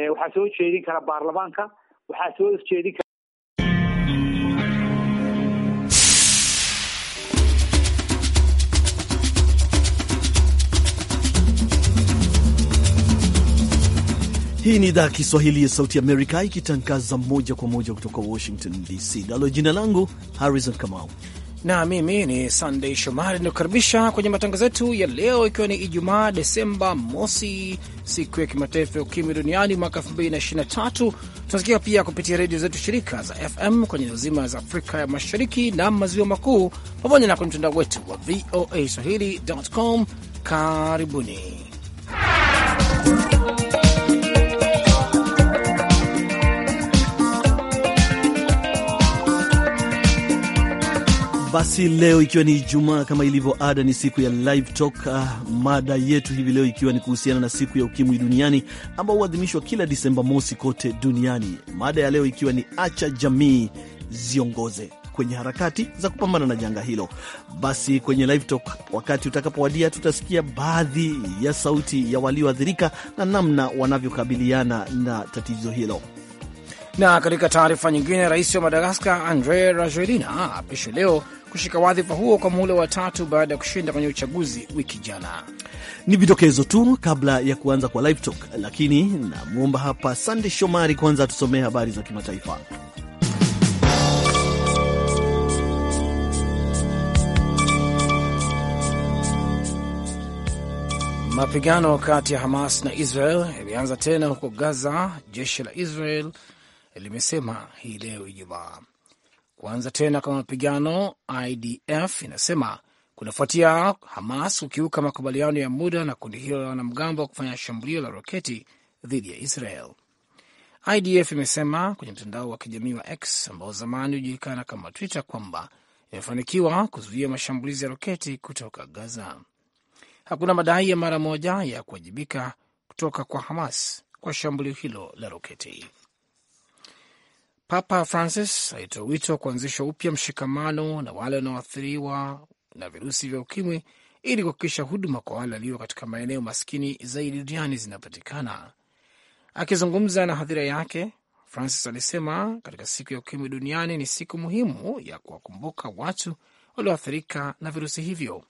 Eh, waxaa soo jeedin kara baarlamaanka waxaa soo jeedin kara Hii ni idhaa Kiswahili ya Sauti Amerika ikitangaza moja kwa moja kutoka Washington DC. Nalo jina langu Harrison Kamau na mimi ni sandey Shomari inakukaribisha kwenye matangazo yetu ya leo, ikiwa ni Ijumaa Desemba mosi, siku ya kimataifa ya ukimwi duniani mwaka 2023. Tunasikia pia kupitia redio zetu shirika za FM kwenye eneo zima za Afrika ya Mashariki na Maziwa Makuu, pamoja na kwenye mtandao wetu wa VOA Swahili.com. Karibuni Basi leo ikiwa ni Ijumaa, kama ilivyo ada, ni siku ya live talk. Uh, mada yetu hivi leo ikiwa ni kuhusiana na siku ya ukimwi duniani ambao huadhimishwa kila Disemba mosi kote duniani. Mada ya leo ikiwa ni acha jamii ziongoze kwenye harakati za kupambana na janga hilo. Basi kwenye live talk, wakati utakapowadia, tutasikia baadhi ya sauti ya walioathirika na namna wanavyokabiliana na tatizo hilo. Na katika taarifa nyingine, rais wa Madagaskar Andre Rajoelina aapishwa leo kushika wadhifa huo kwa muhula wa tatu baada ya kushinda kwenye uchaguzi wiki jana. Ni vidokezo tu kabla ya kuanza kwa live talk, lakini namwomba hapa Sande Shomari kwanza atusomee habari za kimataifa. Mapigano kati ya Hamas na Israel yameanza tena huko Gaza, jeshi la Israel limesema hii leo Ijumaa. Kuanza tena kwa mapigano, IDF inasema kunafuatia Hamas kukiuka makubaliano ya muda na kundi hilo la wanamgambo wa kufanya shambulio la roketi dhidi ya Israel. IDF imesema kwenye mtandao wa kijamii wa X ambao zamani hujulikana kama Twitter kwamba imefanikiwa kuzuia mashambulizi ya roketi kutoka Gaza. Hakuna madai ya mara moja ya kuwajibika kutoka kwa Hamas kwa shambulio hilo la roketi. Papa Francis alitoa wito wa kuanzisha upya mshikamano na wale wanaoathiriwa na virusi vya ukimwi ili kuhakikisha huduma kwa wale walio katika maeneo maskini zaidi duniani zinapatikana. Akizungumza na hadhira yake, Francis alisema katika siku ya ukimwi duniani ni siku muhimu ya kuwakumbuka watu walioathirika na virusi hivyo.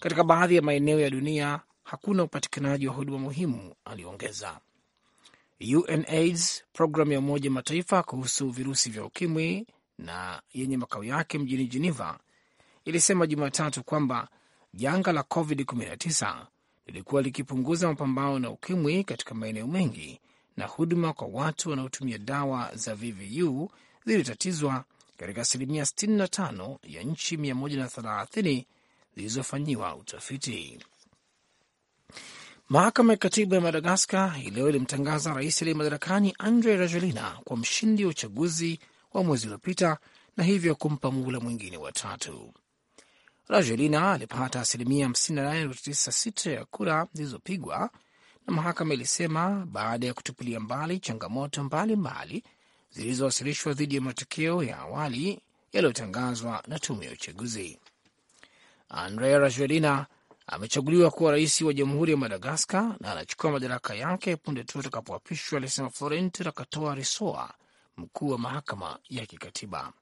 Katika baadhi ya maeneo ya dunia hakuna upatikanaji wa huduma muhimu, aliongeza. UNAIDS, programu ya Umoja Mataifa kuhusu virusi vya ukimwi na yenye makao yake mjini Geneva, ilisema Jumatatu kwamba janga la COVID-19 lilikuwa likipunguza mapambano na ukimwi katika maeneo mengi na huduma kwa watu wanaotumia dawa za VVU zilitatizwa katika asilimia 65 ya nchi 130 zilizofanyiwa utafiti. Mahakama ya katiba ya Madagaskar hii leo ilimtangaza rais aliye madarakani Andre rajelina kwa mshindi wa uchaguzi wa mwezi uliopita na hivyo kumpa muhula mwingine wa tatu. alipata asilimia 58.96 ya kura zilizopigwa na mahakama ilisema, baada ya kutupilia mbali changamoto mbalimbali zilizowasilishwa dhidi ya matokeo ya awali yaliyotangazwa na tume ya uchaguzi. Andrea Rajoelina amechaguliwa kuwa rais wa jamhuri ya Madagaskar na anachukua madaraka yake punde tu atakapoapishwa, alisema Florent Rakatoa Risoa, mkuu wa mahakama ya kikatiba.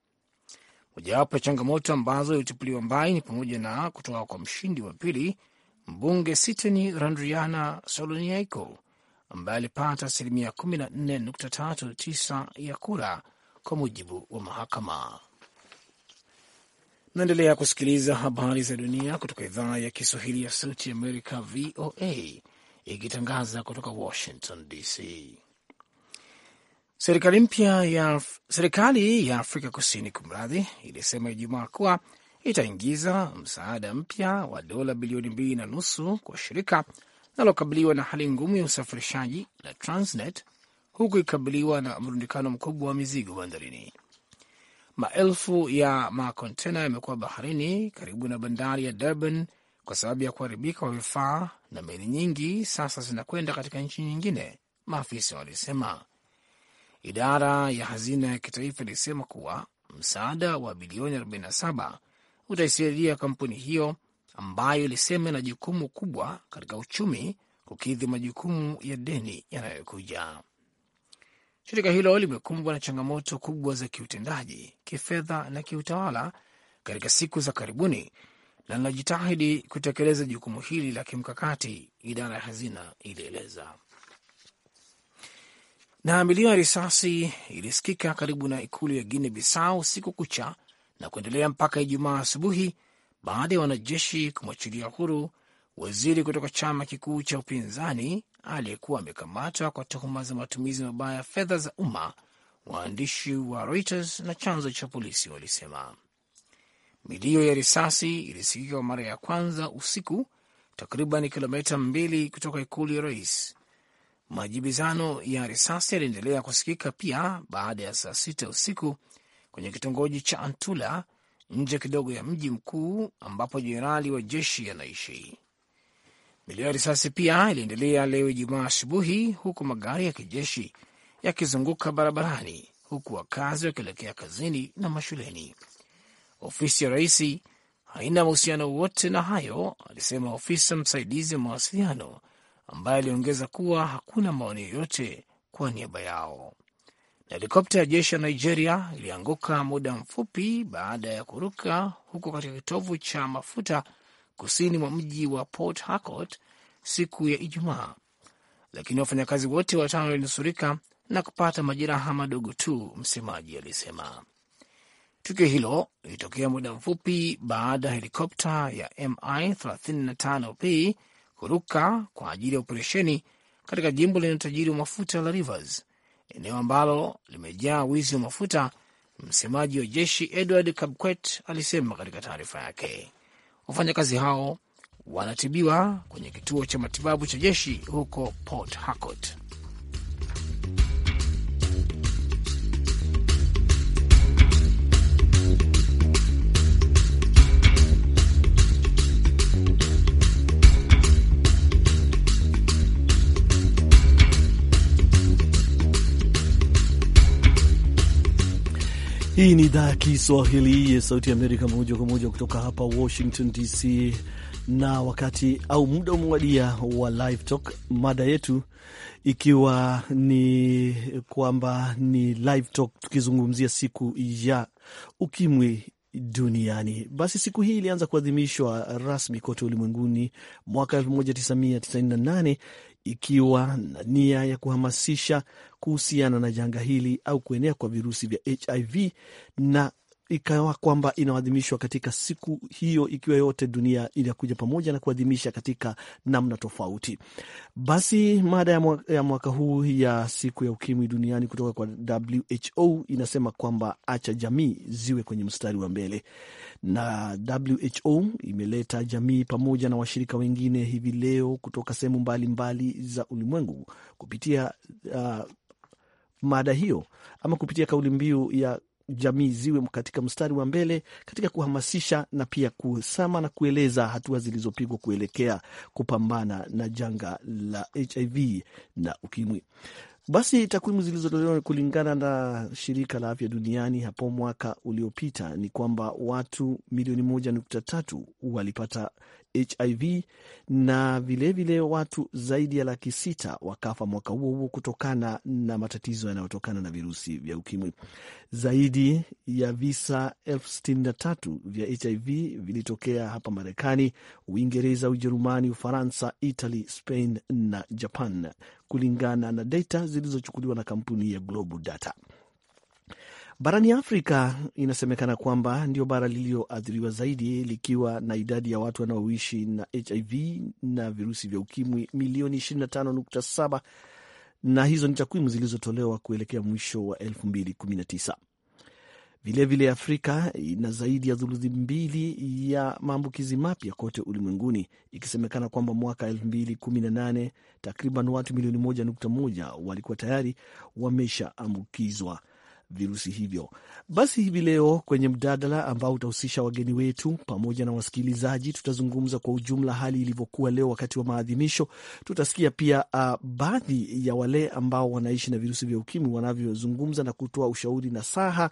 Mojawapo ya changamoto ambazo ilitupuliwa mbali ni pamoja na kutoka kwa mshindi wa pili, mbunge Siteni Randriana soloniaiko ambaye alipata asilimia 14.39 ya kura, kwa mujibu wa mahakama. Naendelea kusikiliza habari za dunia kutoka idhaa ya Kiswahili ya Sauti Amerika, VOA, ikitangaza kutoka Washington DC. Serikali mpya ya serikali ya Afrika Kusini, kumradhi, ilisema Ijumaa kuwa itaingiza msaada mpya wa dola bilioni mbili na nusu kwa shirika linalokabiliwa na hali ngumu ya usafirishaji la Transnet, huku ikabiliwa na mrundikano mkubwa wa mizigo bandarini. Maelfu ya makontena yamekuwa baharini karibu na bandari ya Durban kwa sababu ya kuharibika kwa vifaa, na meli nyingi sasa zinakwenda katika nchi nyingine, maafisa walisema. Idara ya hazina ya kitaifa ilisema kuwa msaada wa bilioni 47 utaisaidia kampuni hiyo ambayo ilisema ina jukumu kubwa katika uchumi kukidhi majukumu ya deni yanayokuja. Shirika hilo limekumbwa na changamoto kubwa za kiutendaji, kifedha na kiutawala katika siku za karibuni na linajitahidi kutekeleza jukumu hili la kimkakati, idara ya hazina ilieleza. Na milio ya risasi ilisikika karibu na ikulu ya Guinea Bissau siku kucha na kuendelea mpaka Ijumaa asubuhi baada ya wanajeshi kumwachilia huru waziri kutoka chama kikuu cha upinzani aliyekuwa amekamatwa kwa tuhuma za matumizi mabaya ya fedha za umma, waandishi wa Reuters na chanzo cha polisi walisema. Milio ya risasi ilisikika kwa mara ya kwanza usiku, takriban kilomita mbili kutoka ikulu ya rais. Majibizano ya risasi yaliendelea kusikika pia baada ya saa sita usiku kwenye kitongoji cha Antula nje kidogo ya mji mkuu ambapo jenerali wa jeshi anaishi. Milio ya risasi pia iliendelea leo Ijumaa asubuhi, huku magari ya kijeshi yakizunguka barabarani, huku wakazi wakielekea kazini na mashuleni. Ofisi ya rais haina mahusiano wote na hayo, alisema ofisa msaidizi wa mawasiliano, ambaye aliongeza kuwa hakuna maoni yoyote kwa niaba yao. Na helikopta ya jeshi ya Nigeria ilianguka muda mfupi baada ya kuruka huko katika kitovu cha mafuta kusini mwa mji wa Port Harcourt siku ya Ijumaa, lakini wafanyakazi wote watano walinusurika na kupata majeraha madogo tu, msemaji alisema. Tukio hilo lilitokea muda mfupi baada ya helikopta ya MI35P kuruka kwa ajili ya operesheni katika jimbo lenye utajiri wa mafuta la Rivers, eneo ambalo limejaa wizi wa mafuta. Msemaji wa jeshi Edward Kabkwet alisema katika taarifa yake. Wafanyakazi hao wanatibiwa kwenye kituo cha matibabu cha jeshi huko Port Harcourt. Hii ni idhaa ya Kiswahili ya Sauti ya Amerika moja kwa moja kutoka hapa Washington DC, na wakati au muda umewadia wa Live Talk, mada yetu ikiwa ni kwamba ni Live Talk tukizungumzia siku ya ukimwi duniani. Basi siku hii ilianza kuadhimishwa rasmi kote ulimwenguni mwaka 1998 ikiwa na nia ya kuhamasisha kuhusiana na janga hili au kuenea kwa virusi vya HIV na ikawa kwamba inaadhimishwa katika siku hiyo, ikiwa yote dunia inakuja pamoja na kuadhimisha katika namna tofauti. Basi mada ya mwaka, ya mwaka huu ya siku ya ukimwi duniani kutoka kwa WHO inasema kwamba acha jamii ziwe kwenye mstari wa mbele, na WHO imeleta jamii pamoja na washirika wengine hivi leo kutoka sehemu mbalimbali za ulimwengu kupitia uh, mada hiyo ama kupitia kauli mbiu ya jamii ziwe katika mstari wa mbele katika kuhamasisha na pia kusama na kueleza hatua zilizopigwa kuelekea kupambana na janga la HIV na ukimwi. Basi takwimu zilizotolewa kulingana na shirika la afya duniani hapo mwaka uliopita ni kwamba watu milioni moja nukta tatu walipata HIV na vilevile vile watu zaidi ya laki sita wakafa mwaka huo huo kutokana na matatizo yanayotokana na virusi vya ukimwi. Zaidi ya visa elfu sitini na tatu vya HIV vilitokea hapa Marekani, Uingereza, Ujerumani, Ufaransa, Italy, Spain na Japan, kulingana na data zilizochukuliwa na kampuni ya Global Data. Barani Afrika inasemekana kwamba ndio bara lilioathiriwa zaidi likiwa na idadi ya watu wanaoishi na HIV na virusi vya ukimwi milioni 25.7 na hizo ni takwimu zilizotolewa kuelekea mwisho wa 2019. Vilevile, Afrika ina zaidi ya thuluthi mbili ya maambukizi mapya kote ulimwenguni, ikisemekana kwamba mwaka 2018 takriban watu milioni 1.1 walikuwa tayari wameshaambukizwa virusi hivyo. Basi hivi leo kwenye mjadala ambao utahusisha wageni wetu pamoja na wasikilizaji, tutazungumza kwa ujumla hali ilivyokuwa leo wakati wa maadhimisho. Tutasikia pia uh, baadhi ya wale ambao wanaishi na virusi vya ukimwi wanavyozungumza na kutoa ushauri na saha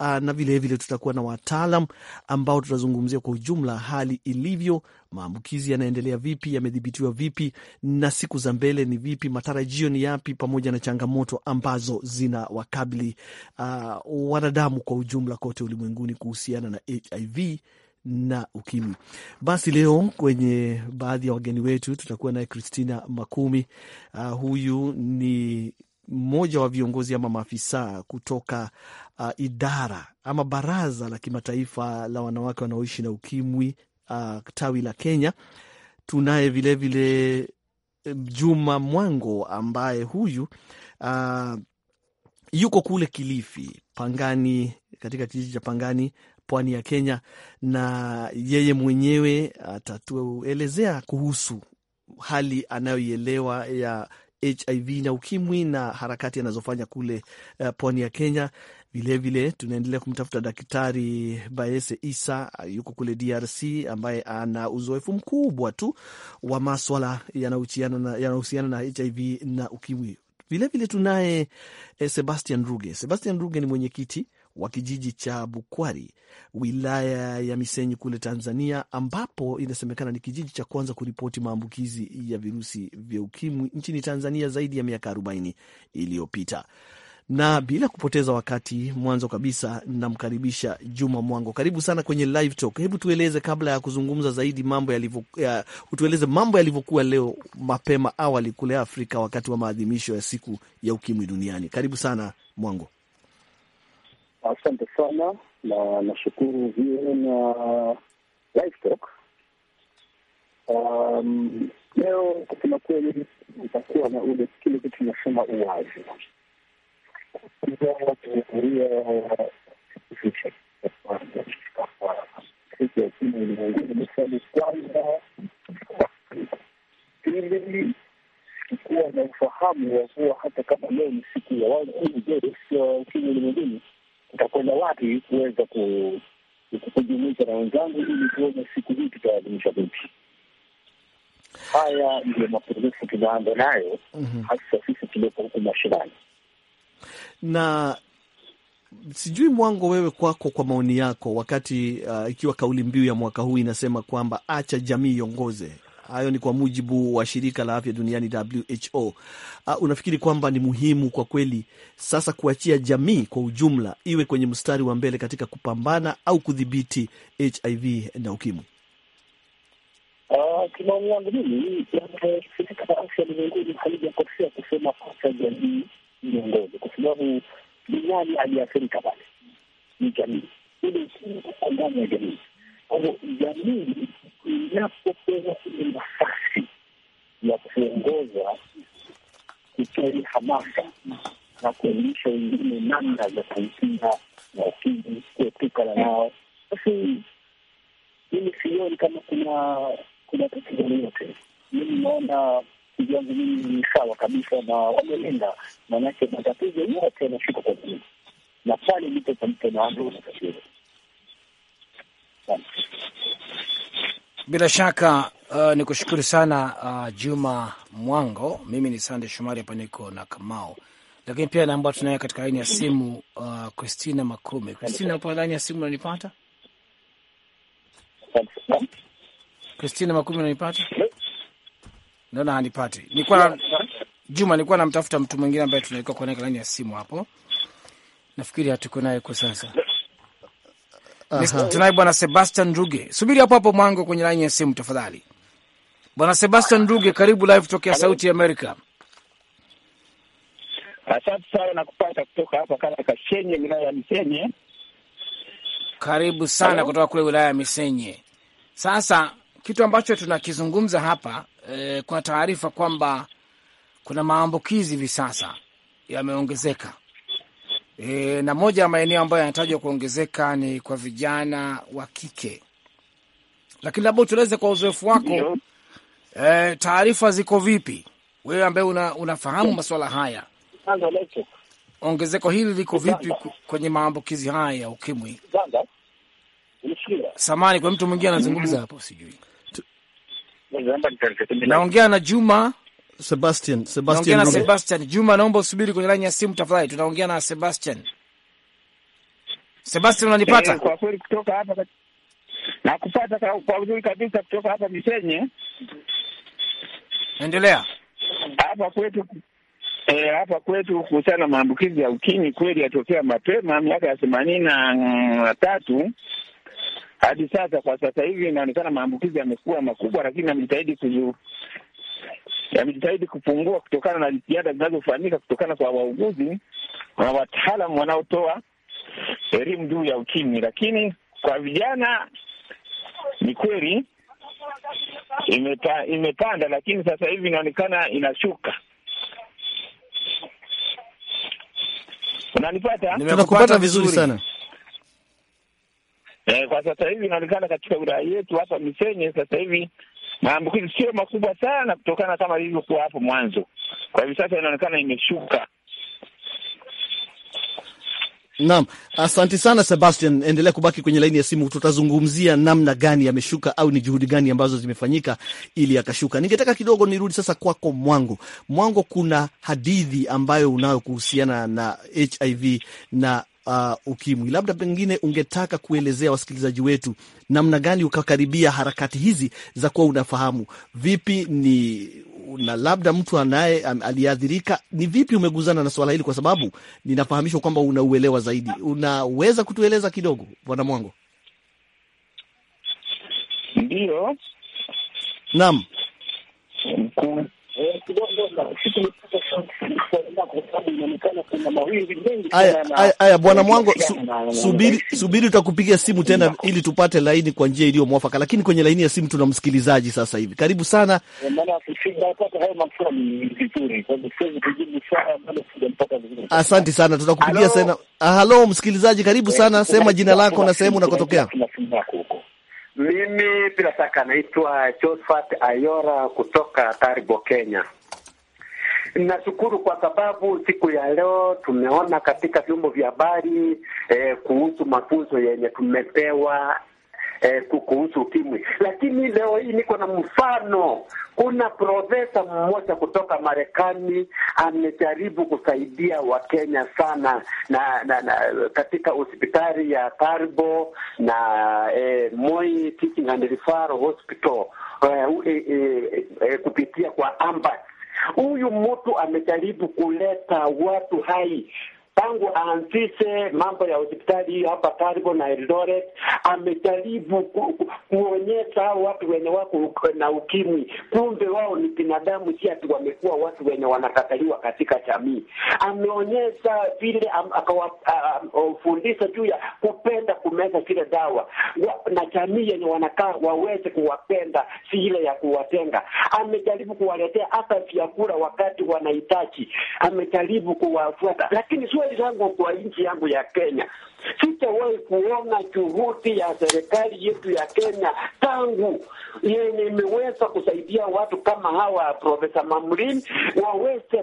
uh, na vilevile tutakuwa na wataalam ambao tutazungumzia kwa ujumla hali ilivyo maambukizi yanaendelea vipi, yamedhibitiwa vipi, na siku za mbele ni vipi, matarajio ni yapi, pamoja na changamoto ambazo zina wakabili uh, wanadamu kwa ujumla kote ulimwenguni kuhusiana na HIV na ukimwi. Basi leo kwenye baadhi ya wageni wetu tutakuwa naye Christina Makumi. Uh, huyu ni mmoja wa viongozi ama maafisa kutoka uh, idara ama baraza la kimataifa la wanawake wanaoishi na ukimwi uh, tawi la Kenya. Tunaye vilevile Juma Mwango ambaye huyu uh, yuko kule Kilifi Pangani, katika kijiji cha Pangani, pwani ya Kenya, na yeye mwenyewe atatuelezea kuhusu hali anayoielewa ya HIV na ukimwi na harakati anazofanya kule uh, pwani ya Kenya Vilevile tunaendelea kumtafuta Daktari Baese Isa, yuko kule DRC, ambaye ana uzoefu mkubwa tu wa maswala yanahusiana na HIV na ukimwi. Vilevile tunaye eh, Sebastian Ruge. Sebastian Ruge ni mwenyekiti wa kijiji cha Bukwari, wilaya ya Misenyi kule Tanzania, ambapo inasemekana ni kijiji cha kwanza kuripoti maambukizi ya virusi vya ukimwi nchini Tanzania zaidi ya miaka arobaini iliyopita na bila kupoteza wakati, mwanzo kabisa namkaribisha Juma Mwango. Karibu sana kwenye Live Talk. Hebu tueleze kabla ya kuzungumza zaidi mambo yalivyo, ya, utueleze mambo yalivyokuwa leo mapema awali kule Afrika wakati wa maadhimisho ya siku ya ukimwi duniani. Karibu sana Mwango. Asante sana na nashukuru vio na Live Talk. Um, leo kusema kweli utakuwa na ule kile kitu tunasema uwazi mdomo tumezuria kufikisha swali na ufahamu wa kuwa hata kama leo ni siku ya wazi ya ukimwi ulimwenguni, tutakwenda wapi kuweza kujumuika na wenzangu ili tuone siku hii tutaadhimisha vipi. Haya ndiyo mapungufu tunaanza nayo, mhm. hasa sisi tuliopo huku mashinani na sijui Mwango, wewe kwako, kwa maoni yako, wakati uh, ikiwa kauli mbiu ya mwaka huu inasema kwamba acha jamii iongoze, hayo ni kwa mujibu wa shirika la afya duniani WHO. Uh, unafikiri kwamba ni muhimu kwa kweli sasa kuachia jamii kwa ujumla iwe kwenye mstari wa mbele katika kupambana au kudhibiti HIV na ukimwi? Uh, kimaoni yangu mimi shirika la afya duniani halijakosea kusema acha jamii viongozi, kwa sababu duniani aliathirika pale ni jamii ile iko ndani ya jamii. Kwa hivyo jamii inapopewa ile nafasi ya kuongoza, kutoa hamasa na kuelimisha wengine namna za kuikinga na ukimwi, kuepukana nao, basi mimi sioni kama kuna kuna tatizo lolote. Mimi naona kivyangu mimi ni sawa kabisa na wamelenga, maanake matatizo yote yanashuka kwa jini na pale ndipo palipo na tatizo. Bila shaka uh, ni kushukuru sana uh, Juma Mwango. Mimi ni Sande Shomari hapa niko na Kamao, lakini pia naamba tunaye katika laini ya simu uh, Christina Makume. Christina, upo laini ya simu, unanipata? Christina Makume, unanipata? naona hanipati. Nilikuwa na Juma, nilikuwa namtafuta mtu mwingine ambaye tunaikuwa kuona laini ya simu hapo, nafikiri hatuko naye kwa sasa. Tunaye bwana Sebastian Ruge, subiri hapo hapo mwango kwenye laini ya simu tafadhali. Bwana Sebastian Ruge, karibu live tokea Sauti ya Amerika. Asante sana na kupata kutoka hapa kala Kashenye, wilaya ya Misenye. Karibu sana kutoka kule wilaya ya Misenye. Sasa kitu ambacho tunakizungumza hapa Eh, kuna taarifa kwamba kuna maambukizi hivi sasa yameongezeka, E, na moja ya maeneo ambayo yanatajwa kuongezeka ni kwa vijana wa kike, lakini labda utueleze kwa uzoefu wako e, taarifa ziko vipi wewe ambaye una, unafahamu masuala haya, ongezeko hili liko vipi kwenye maambukizi haya ya ukimwi? Samani, kwa mtu mwingine anazungumza hapo, sijui Naongea na Juma Sebastian, Sebastian, na Sebastian Juma, naomba usubiri kwenye laini ya simu tafadhali. Tunaongea na Sebastian. Sebastian, unanipata? Eh, kwa kweli kutoka hapa nakupata kwa uzuri kabisa kutoka hapa Misenye. Endelea. Hapa kwetu eh, hapa kwetu kuhusiana na maambukizi ya ukimwi kweli yatokea mapema miaka ya themanini na tatu hadi sasa. Kwa sasa hivi inaonekana maambukizi yamekuwa makubwa, lakini amejitahidi kuzu yamejitahidi kupungua kutokana na jitihada zinazofanyika kutokana kwa wauguzi na wataalam wanaotoa elimu juu ya ukimwi. Lakini kwa vijana ni kweli imepa, imepanda, lakini sasa hivi inaonekana inashuka. Unanipata? Tunakupata vizuri sana. Eh, kwa sasa hivi inaonekana katika wilaya yetu hapa Misenye sasa hivi maambukizi sio makubwa sana kutokana kama ilivyokuwa hapo mwanzo. Kwa hivi sasa inaonekana imeshuka. Naam, asante sana Sebastian, endelea kubaki kwenye laini ya simu. Tutazungumzia namna gani yameshuka au ni juhudi gani ambazo zimefanyika ili yakashuka. Ningetaka kidogo nirudi sasa kwako Mwango. Mwango, kuna hadithi ambayo unayo kuhusiana na HIV na uh, ukimwi. Labda pengine ungetaka kuelezea wasikilizaji wetu namna gani ukakaribia harakati hizi za kuwa unafahamu vipi ni na labda mtu anaye aliyeathirika ni vipi umeguzana na swala hili, kwa sababu ninafahamishwa kwamba unauelewa zaidi. Unaweza kutueleza kidogo, Bwana Mwango? Ndio, naam. Haya bwana Mwango, subiri subiri, simu tena ili tupate laini kwa njia iliyo mwafaka, lakini kwenye laini ya simu tuna msikilizaji sasa hivi. Karibu sana. Asante sana, tutakupigia sana. Ah, halo msikilizaji, karibu sana, sema jina lako na sehemu unakotokea. Mimi bila shaka naitwa Josephat Ayora kutoka Taribo, Kenya. Nashukuru kwa sababu siku ya leo tumeona katika vyombo vya habari eh, kuhusu mafunzo yenye tumepewa eh, kuhusu ukimwi, lakini leo hii niko na mfano kuna profesa mmoja kutoka Marekani amejaribu kusaidia Wakenya sana na, na, na katika hospitali ya karbo na eh, Moi Teaching and Referral Hospital eh, eh, eh, eh, kupitia kwa amba Huyu mtu amejaribu kuleta watu hai tangu aanzishe mambo ya hospitali hiyo hapa karibu na Eldoret, amejaribu kuonyesha hao watu wenye wako na ukimwi, kumbe wao ni binadamu, si ati wamekuwa watu wenye wanakataliwa katika jamii. Ameonyesha vile, akawafundisha juu ya kupenda kumeza zile dawa wa, na jamii yenye wanakaa waweze kuwapenda, si ile ya kuwatenga. Amejaribu kuwaletea hata vyakula wakati wanahitaji, amejaribu kuwafuata, lakini sio habari zangu kwa nchi yangu ya Kenya Sitawahi kuona juhudi ya serikali yetu ya Kenya tangu yenye imeweza kusaidia watu kama hawa Profesa mamrin waweze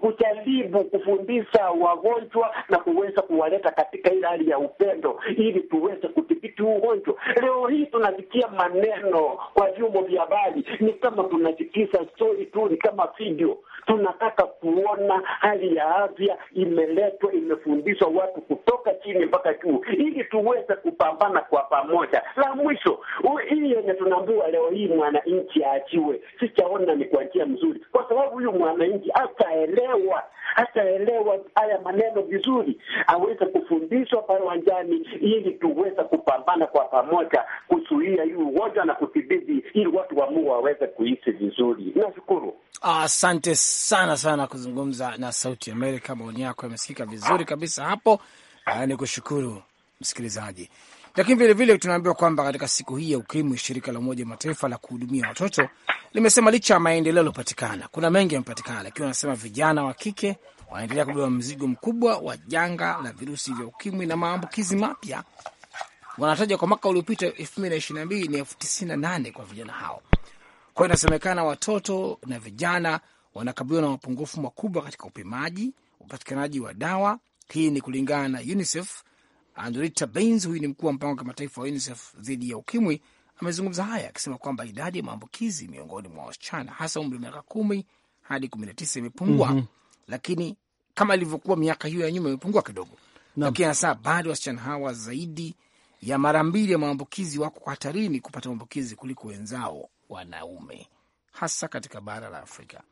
kujaribu kufundisha wagonjwa na kuweza kuwaleta katika ile hali ya upendo ili tuweze kudhibiti ugonjwa. Leo hii tunasikia maneno kwa vyombo vya habari, ni kama tunasikiza stori tu, ni kama video. Tunataka kuona hali ya afya imeletwa, imefundishwa watu kutoka kutoka chini mpaka juu, ili tuweze kupambana kwa pamoja. La mwisho, hii yenye tunaambiwa leo hii mwananchi aachiwe, sichaona ni kwa njia mzuri, kwa sababu huyu mwananchi hataelewa hataelewa haya maneno vizuri, aweze kufundishwa pale wanjani ili tuweze kupambana kwa pamoja kuzuia hii ugonjwa na kudhibiti, ili watu wa Mungu waweze kuishi vizuri. Nashukuru, asante sana sana kuzungumza na Sauti Amerika. Maoni yako yamesikika vizuri kabisa hapo. Ni kushukuru msikilizaji. Lakini vilevile tunaambiwa kwamba katika siku hii ya ukimwi, shirika la Umoja Mataifa la kuhudumia watoto limesema licha ya maendeleo yaliyopatikana, kuna mengi yamepatikana, lakini wanasema vijana wa kike wanaendelea kubeba mzigo mkubwa wa janga la virusi vya ukimwi na maambukizi mapya. Wanataja kwa mwaka uliopita elfu mbili na ishirini na mbili ni elfu tisini na nane kwa vijana hao. Kwa hiyo inasemekana watoto na vijana wanakabiliwa na mapungufu makubwa katika upimaji, upatikanaji wa dawa hii ni kulingana na UNICEF. Andrita Baines, huyu ni mkuu wa mpango wa kimataifa wa UNICEF dhidi ya ukimwi, amezungumza haya akisema kwamba idadi ya maambukizi miongoni mwa wasichana hasa umri wa miaka kumi hadi kumi na tisa imepungua mm -hmm. Lakini kama ilivyokuwa miaka hiyo ya nyuma imepungua kidogo, lakini hasa bado wasichana hawa zaidi ya mara mbili ya maambukizi wako hatarini kupata maambukizi kuliko wenzao wanaume, hasa katika bara la Afrika.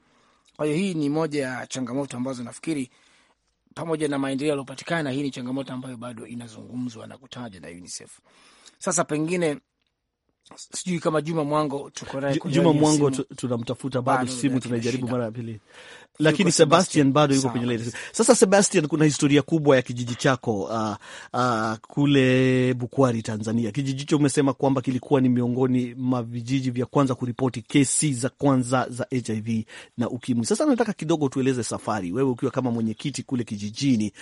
Kwa hiyo hii ni moja ya changamoto ambazo nafikiri pamoja na maendeleo yaliyopatikana, hii ni changamoto ambayo bado inazungumzwa na kutaja na UNICEF. Sasa pengine sijui kama Juma Mwango tuko naye. Juma Mwango tunamtafuta bado, simu tunaijaribu mara ya pili lakini Sebastian bado yuko kwenye lile. Sasa Sebastian, kuna historia kubwa ya kijiji chako uh, uh, kule Bukwari, Tanzania. Kijiji hicho umesema kwamba kilikuwa ni miongoni mwa vijiji vya kwanza kuripoti kesi za kwanza za HIV na UKIMWI. Sasa nataka kidogo tueleze safari, wewe ukiwa kama mwenyekiti kule kijijini,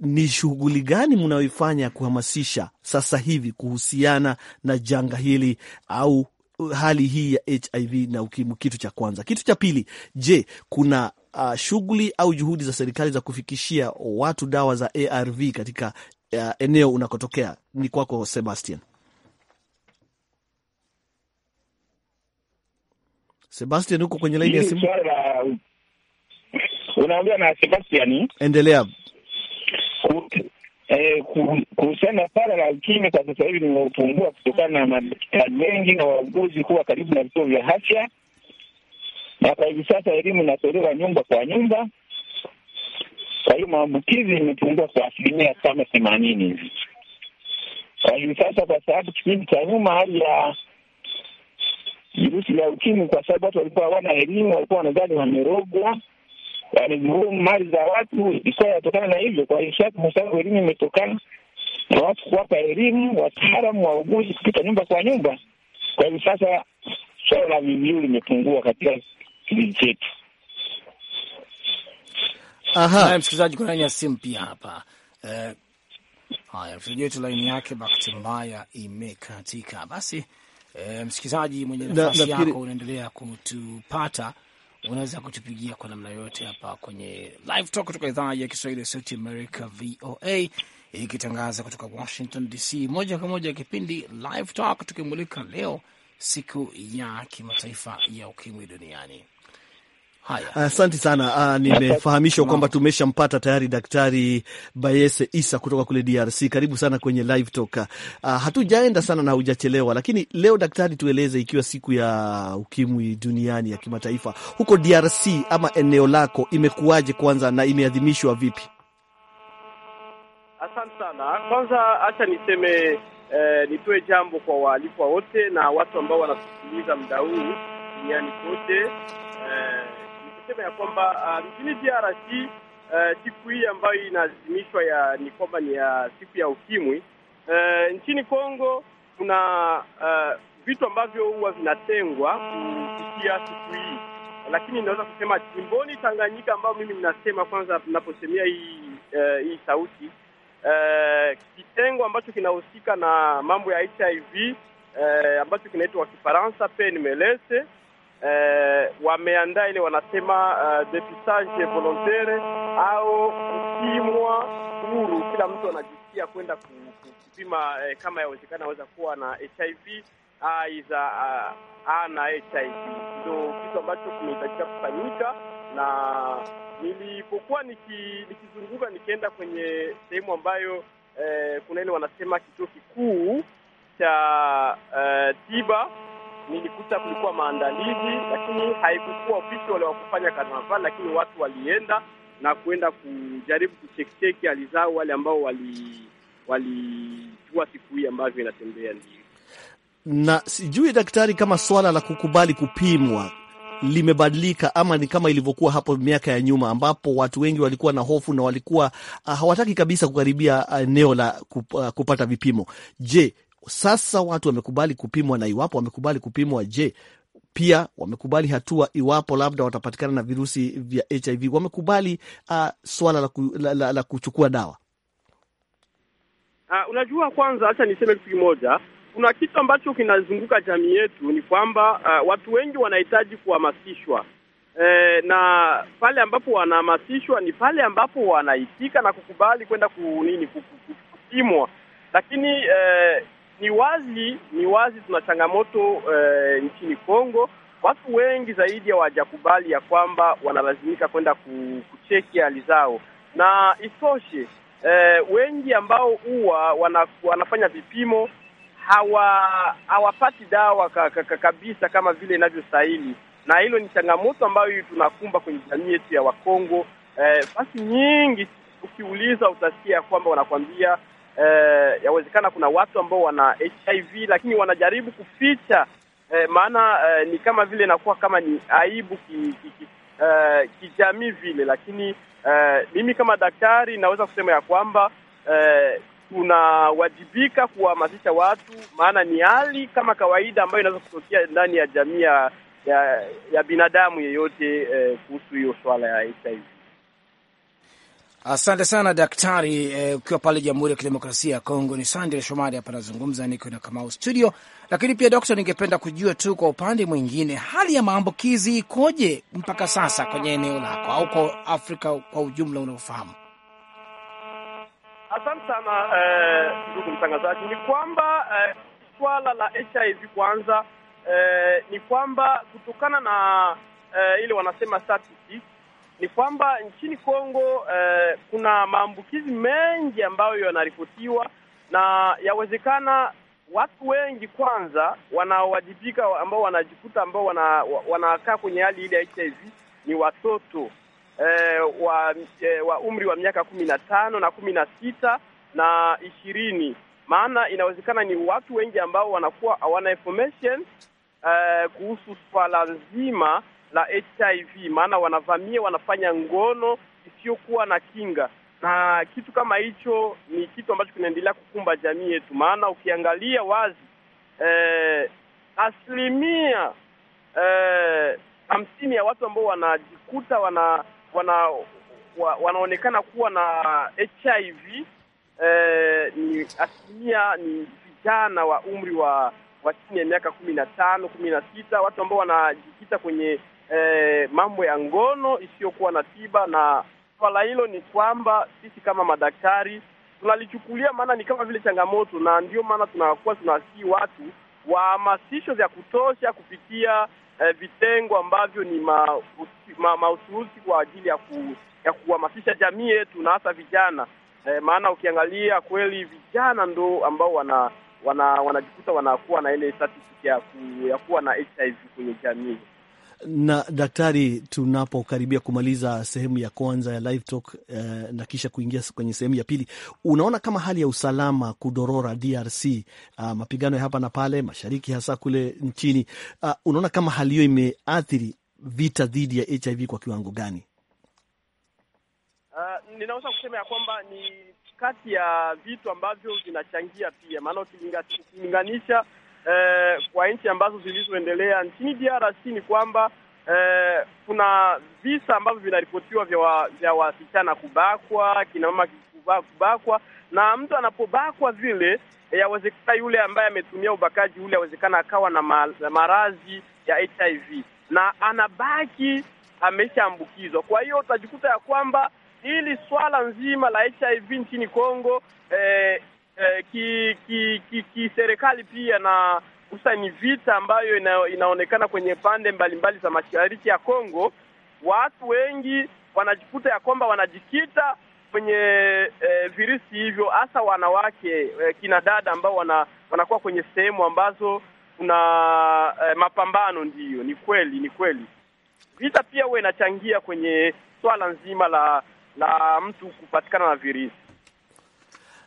ni shughuli gani mnayoifanya kuhamasisha sasa hivi kuhusiana na janga hili au hali hii ya HIV na UKIMWI, kitu cha kwanza. Kitu cha pili, je, kuna uh, shughuli au juhudi za serikali za kufikishia watu dawa za ARV katika uh, eneo unakotokea? Ni kwako Sebastian. Sebastian, huko kwenye laini ya simu, unaongea na Sebastian. Eh? Endelea kuhusiana eh, na swala la ukimwi, kwa sasa hivi kutokana na madaktari wengi na wauguzi kuwa karibu na vituo vya afya na kwa hivi sasa elimu inatolewa nyumba kwa nyumba. Kwa hiyo maambukizi imepungua kwa asilimia kama themanini hivi kwa hivi sasa, kwa sababu kipindi cha nyuma hali ya virusi vya ukimwi, kwa sababu watu walikuwa hawana elimu, walikuwa wanadhani wamerogwa, wamezuru mali za watu, ilikuwa inatokana na hivyo. Kwa hivi sasa, kwa sababu elimu imetokana na watu kuwapa elimu wataalamu, wauguzi kupita nyumba kwa nyumba, kwa hivi sasa swala la viviu limepungua katika kijiji Aha, msikilizaji, kuna laini ya simu pia hapa. Eh, haya msikilizaji wetu laini yake bahati mbaya imekatika. Basi eh, msikilizaji mwenye nafasi yako unaendelea kutupata unaweza kutupigia kwa namna yoyote hapa kwenye live talk kutoka idhaa ya Kiswahili ya Sauti America, VOA, ikitangaza kutoka Washington DC moja kwa moja, kipindi Live Talk, tukimulika leo siku ya kimataifa ya ukimwi duniani. Haya, ah, asante sana. Ah, Nimefahamishwa kwamba tumeshampata tayari Daktari Bayese Isa kutoka kule DRC. Karibu sana kwenye Live Talk. Ah, hatujaenda sana na hujachelewa, lakini leo daktari, tueleze, ikiwa siku ya ukimwi duniani ya kimataifa, huko DRC ama eneo lako imekuwaje kwanza na imeadhimishwa vipi? Asante sana. Kwanza acha niseme eh, nitoe jambo kwa waalikwa wote na watu ambao wanatusikiliza muda huu duniani kote eh, kusema ya kwamba mjini uh, DRC uh, siku hii ambayo inaadhimishwa ya ni kwamba ni ya siku ya ukimwi. Uh, nchini Kongo kuna uh, vitu ambavyo huwa vinatengwa kupitia siku hii, lakini inaweza kusema jimboni Tanganyika ambayo mimi ninasema kwanza, naposemea hii uh, hii sauti uh, kitengo ambacho kinahusika na mambo ya HIV uh, ambacho kinaitwa Kifaransa PNMLS eh, wameandaa ile wanasema uh, volontaire au kupimwa huru. Kila mtu anajisikia kwenda kupima eh, kama yawezekana aweza kuwa na HIV aiza ana ah, ah, HIV. Ndio kitu ambacho kimehitajika kufanyika na nilipokuwa niki, nikizunguka nikienda kwenye sehemu ambayo eh, kuna ile wanasema kituo kikuu cha eh, tiba nilikuta kulikuwa maandalizi, lakini haikukuwa official wa kufanya karnaval, lakini watu walienda na kuenda kujaribu kuchekicheki hali zao, wale ambao wali siku hii ambavyo inatembea. Ndio na sijui daktari, kama swala la kukubali kupimwa limebadilika ama ni kama ilivyokuwa hapo miaka ya nyuma, ambapo watu wengi walikuwa na hofu na walikuwa ah, hawataki kabisa kukaribia ah, eneo la ah, kupata vipimo. Je, sasa watu wamekubali kupimwa, na iwapo wamekubali kupimwa, je, pia wamekubali hatua iwapo labda watapatikana na virusi vya HIV? Wamekubali uh, swala la, ku, la, la, la kuchukua dawa. Uh, unajua, kwanza hacha niseme kitu kimoja. Kuna kitu ambacho kinazunguka jamii yetu ni kwamba uh, watu wengi wanahitaji kuhamasishwa eh, na pale ambapo wanahamasishwa ni pale ambapo wanaitika na kukubali kwenda kunini kupimwa, lakini eh, ni wazi, ni wazi tuna changamoto e, nchini Kongo. Watu wengi zaidi hawajakubali ya kwamba wanalazimika kwenda kucheki hali zao, na isoshe e, eh, wengi ambao huwa wana, wanafanya vipimo hawa hawapati dawa ka, ka, ka, kabisa kama vile inavyostahili, na hilo ni changamoto ambayo tunakumba kwenye jamii yetu ya Wakongo. Basi eh, nyingi ukiuliza utasikia kwamba wanakwambia eh, yawezekana kuna watu ambao wana HIV lakini wanajaribu kuficha eh, maana eh, ni kama vile inakuwa kama ni aibu ki, ki, ki, eh, kijamii vile, lakini eh, mimi kama daktari naweza kusema ya kwamba eh, tunawajibika kuwahamasisha watu, maana ni hali kama kawaida ambayo inaweza kutokea ndani ya jamii ya, ya binadamu yeyote eh, kuhusu hiyo swala ya HIV. Asante sana daktari, eh, ukiwa eh, pale Jamhuri ya Kidemokrasia ya Kongo. Ni Sande Shomari hapa anazungumza, niko na Kamau studio. Lakini pia dokta, ningependa kujua tu kwa upande mwingine, hali ya maambukizi ikoje mpaka sasa kwenye eneo lako au kwa Afrika kwa ujumla unaofahamu? Asante sana eh, ndugu eh, mtangazaji. Ni kwamba eh, swala la HIV kwanza, eh, ni kwamba kutokana na eh, ile wanasema statistics ni kwamba nchini Kongo eh, kuna maambukizi mengi ambayo yanaripotiwa na yawezekana watu wengi kwanza wanaowajibika ambao wanajikuta ambao wanakaa wana kwenye hali ile ya HIV ni watoto eh, wa, eh, wa umri wa miaka kumi na tano na kumi na sita na ishirini. Maana inawezekana ni watu wengi ambao wanakuwa hawana information eh, kuhusu swala nzima la HIV, maana wanavamia, wanafanya ngono isiyokuwa na kinga, na kitu kama hicho ni kitu ambacho kinaendelea kukumba jamii yetu, maana ukiangalia wazi eh, asilimia eh, hamsini ya watu ambao wanajikuta wana, wana wa, wanaonekana kuwa na HIV eh, ni asilimia ni vijana wa umri wa wa chini ya miaka kumi na tano kumi na sita watu ambao wanajikita kwenye eh, mambo ya ngono isiyokuwa na tiba, na swala hilo ni kwamba sisi kama madaktari tunalichukulia, maana ni kama vile changamoto, na ndio maana tunakuwa tunasii watu wahamasisho vya kutosha kupitia eh, vitengo ambavyo ni mahususi ma, kwa ajili ya, ku, ya kuhamasisha jamii yetu na hasa vijana eh, maana ukiangalia kweli vijana ndo ambao wana wanajikuta wana, wanakuwa na ile statistiki ya, ku, ya kuwa na HIV kwenye jamii na daktari, tunapokaribia kumaliza sehemu ya kwanza ya live talk eh, na kisha kuingia kwenye sehemu ya pili, unaona kama hali ya usalama kudorora DRC, ah, mapigano ya hapa na pale mashariki, hasa kule nchini, ah, unaona kama hali hiyo imeathiri vita dhidi ya HIV kwa kiwango gani? Uh, ninaweza kusema ya kwamba ni kati ya vitu ambavyo vinachangia pia, maana ukilinganisha eh, kwa nchi ambazo zilizoendelea nchini DRC ni kwamba eh, kuna visa ambavyo vinaripotiwa vya wasichana kubakwa, kina mama kubakwa, na mtu anapobakwa vile yawezekana yule ambaye ametumia ubakaji ule awezekana akawa na maradhi ya HIV na anabaki ameshaambukizwa. Kwa hiyo utajikuta ya kwamba hili swala nzima la HIV nchini Kongo eh, eh, kiserikali ki, ki, ki pia na hususa ni vita ambayo ina, inaonekana kwenye pande mbalimbali za mbali mashariki ya Kongo. Watu wengi wanajikuta ya kwamba wanajikita kwenye e, virusi hivyo, hasa wanawake e, kina dada ambao wana, wanakuwa kwenye sehemu ambazo kuna e, mapambano. Ndiyo, ni kweli, ni kweli vita pia huwa inachangia kwenye swala nzima la la mtu kupatikana na virusi.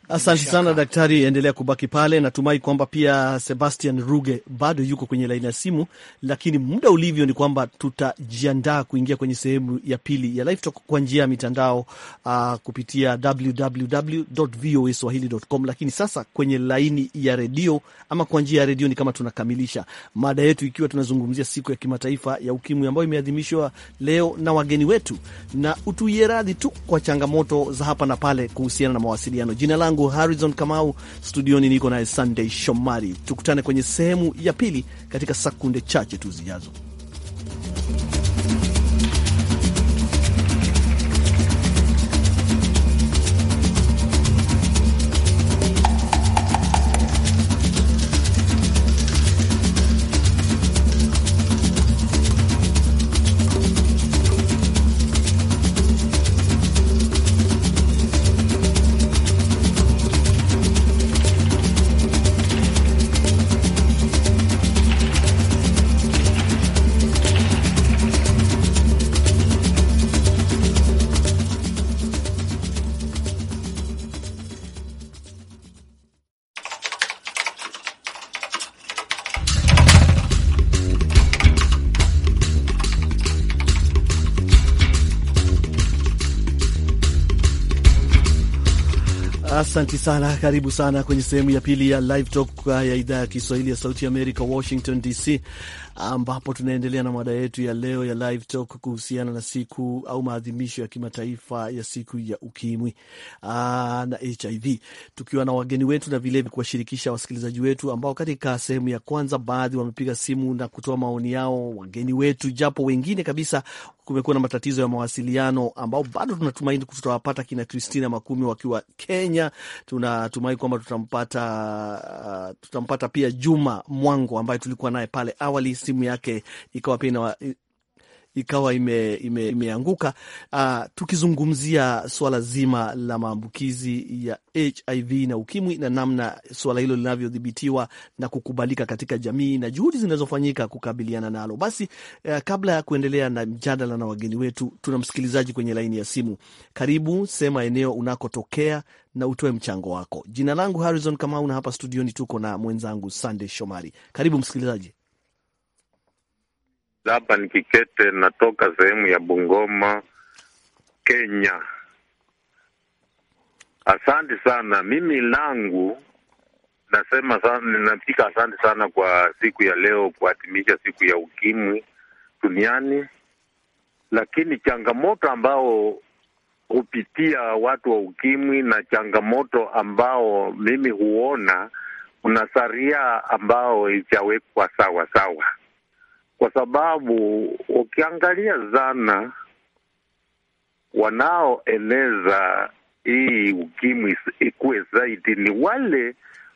Asante sana daktari, endelea kubaki pale. Natumai kwamba pia Sebastian Ruge bado yuko kwenye laini ya simu, lakini muda ulivyo ni kwamba tutajiandaa kuingia kwenye sehemu ya pili ya live talk kwa njia ya mitandao uh, kupitia www.voaswahili.com. Lakini sasa kwenye laini ya redio ama kwa njia ya redio ni kama tunakamilisha mada yetu, ikiwa tunazungumzia siku ya kimataifa ya ukimwi ambayo imeadhimishwa leo na wageni wetu, na utuie radhi tu kwa changamoto za hapa na pale kuhusiana na mawasiliano. Jina langu langu Harrison Kamau, studioni niko naye Sunday Shomari. Tukutane kwenye sehemu ya pili katika sekunde chache tu zijazo. Asanti sana, karibu sana kwenye sehemu ya pili ya Live Talk ya idhaa ya Kiswahili ya Sauti Amerika, Washington DC, ambapo tunaendelea na mada yetu ya leo ya live talk kuhusiana na siku au maadhimisho ya kimataifa ya siku ya ukimwi aa, ah, na HIV, tukiwa na wageni wetu na vilevile kuwashirikisha wasikilizaji wetu ambao katika sehemu ya kwanza baadhi wamepiga simu na kutoa maoni yao, wageni wetu, japo wengine kabisa kumekuwa na matatizo ya mawasiliano ambao bado tunatumaini tutawapata kina Kristina Makumi wakiwa Kenya. Tunatumai kwamba tutampata, uh, tutampata pia Juma Mwango ambaye tulikuwa naye pale awali simu yake ikawa pia inawa ikawa imeanguka ime, ime uh, tukizungumzia swala zima la maambukizi ya HIV na ukimwi na namna swala hilo linavyodhibitiwa na kukubalika katika jamii na juhudi zinazofanyika kukabiliana nalo. Basi uh, kabla ya kuendelea na mjadala na wageni wetu, tuna msikilizaji kwenye laini ya simu. Karibu, sema eneo unakotokea na utoe mchango wako. Jina langu Harrison Kamau na hapa studioni tuko na mwenzangu Sande Shomari. Karibu msikilizaji. Laban Kikete, natoka sehemu ya Bungoma, Kenya. Asante sana. Mimi langu nasema sana, ninapika asante sana kwa siku ya leo kuhatimisha siku ya ukimwi duniani, lakini changamoto ambao hupitia watu wa ukimwi na changamoto ambao mimi huona kuna saria ambao haijawekwa sawa sawa kwa sababu ukiangalia zana wanaoeneza hii ukimwi ikuwe zaidi ni wale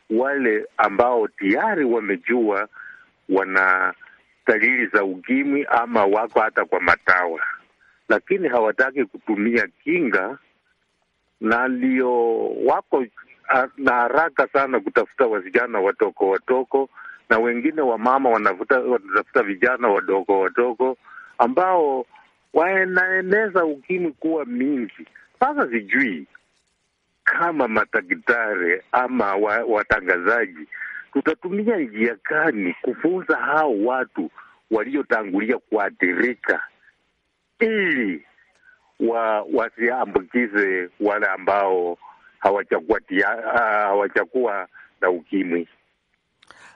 wale ambao tayari wamejua wana dalili za ukimwi ama wako hata kwa matawa, lakini hawataki kutumia kinga, na ndio wako ah, na haraka sana kutafuta wasichana watoko watoko na wengine wamama wanavuta wanatafuta vijana wadogo wadogo ambao wanaeneza ukimwi kuwa mingi. Sasa sijui kama madaktari ama watangazaji tutatumia njia gani kufunza hao watu waliotangulia kuathirika ili wa wasiambukize wale ambao hawachakuwa hawachakuwa na ukimwi.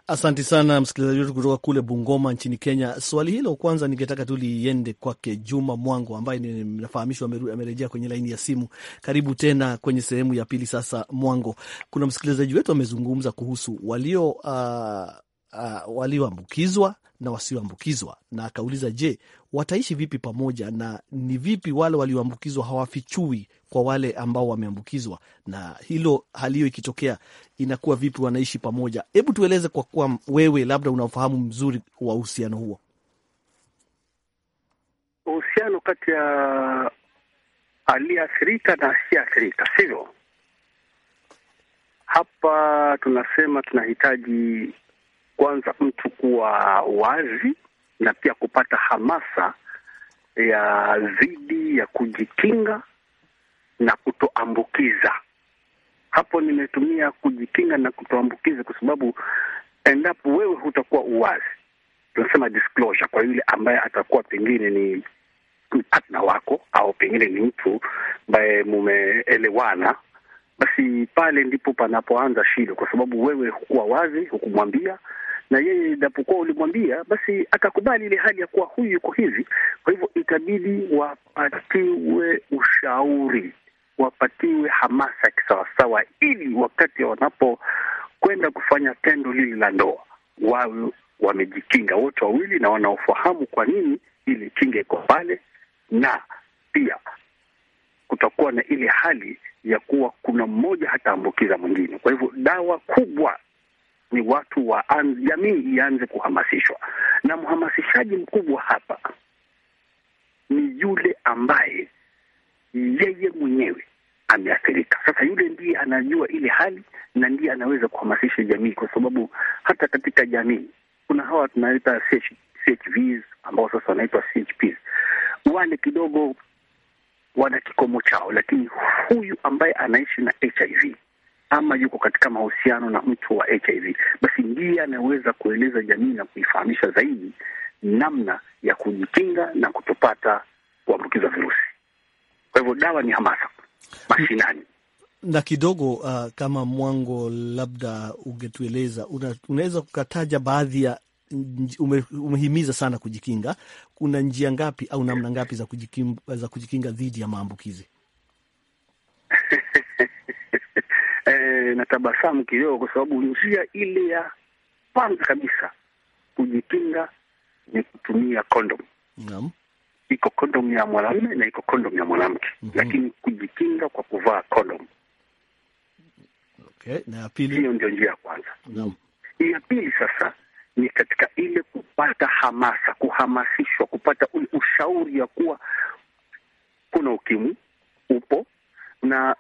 Asante sana msikilizaji wetu kutoka kule Bungoma nchini Kenya. Swali hilo kwanza ningetaka tu liende kwake Juma Mwango ambaye nafahamishwa amerejea kwenye laini ya simu. Karibu tena kwenye sehemu ya pili. Sasa Mwango, kuna msikilizaji wetu amezungumza kuhusu walio uh, uh, walioambukizwa na wasioambukizwa, na akauliza je, wataishi vipi pamoja na ni vipi wale walioambukizwa hawafichui kwa wale ambao wameambukizwa, na hilo hali hiyo ikitokea inakuwa vipi, wanaishi pamoja? Hebu tueleze kwa kuwa wewe labda unafahamu mzuri wa uhusiano huo. Uhusiano kati ya aliyeathirika na asiyeathirika, sivyo? Hapa tunasema tunahitaji kwanza mtu kuwa wazi na pia kupata hamasa ya dhidi ya kujikinga na kutoambukiza. Hapo nimetumia kujikinga na kutoambukiza, kwa sababu endapo wewe hutakuwa uwazi, tunasema disclosure, kwa yule ambaye atakuwa pengine ni partner wako au pengine ni mtu ambaye mumeelewana, basi pale ndipo panapoanza shida, kwa sababu wewe hukuwa wazi, hukumwambia na yeye inapokuwa ulimwambia, basi akakubali ile hali ya kuwa huyu yuko hivi. Kwa hivyo itabidi wapatiwe ushauri, wapatiwe hamasa kisawasawa, ili wakati wanapokwenda kufanya tendo lile la ndoa wawe wamejikinga wote wawili na wanaofahamu kwa nini ili kinga iko pale, na pia kutakuwa na ile hali ya kuwa kuna mmoja hataambukiza mwingine. Kwa hivyo dawa kubwa ni watu wa jamii ianze kuhamasishwa, na mhamasishaji mkubwa hapa ni yule ambaye yeye mwenyewe ameathirika. Sasa yule ndiye anajua ile hali na ndiye anaweza kuhamasisha jamii, kwa sababu hata katika jamii kuna hawa tunaita CHVs ambao sasa wanaitwa CHPs. Wale kidogo wana kikomo chao, lakini huyu ambaye anaishi na HIV ama yuko katika mahusiano na mtu wa HIV, basi ndiye anaweza kueleza jamii na kuifahamisha zaidi namna ya kujikinga na kutopata kuambukizwa virusi. Kwa hivyo dawa ni hamasa mashinani na kidogo uh, kama Mwango labda ungetueleza una, unaweza kukataja baadhi ya ume, umehimiza sana kujikinga. Kuna njia ngapi au namna ngapi za kujikinga, za kujikinga dhidi ya maambukizi? natabasamu kidogo, kwa sababu njia ile ya kwanza kabisa kujikinga ni kutumia kondom. Naam, iko kondom ya mwanamume na iko kondom ya mwanamke mm -hmm. Lakini kujikinga kwa kuvaa kondom, okay. Na ya pili, hiyo ndio njia ya kwanza. Naam, ya pili sasa ni katika ile kupata hamasa, kuhamasishwa, kupata ushauri ya kuwa kuna ukimwi upo na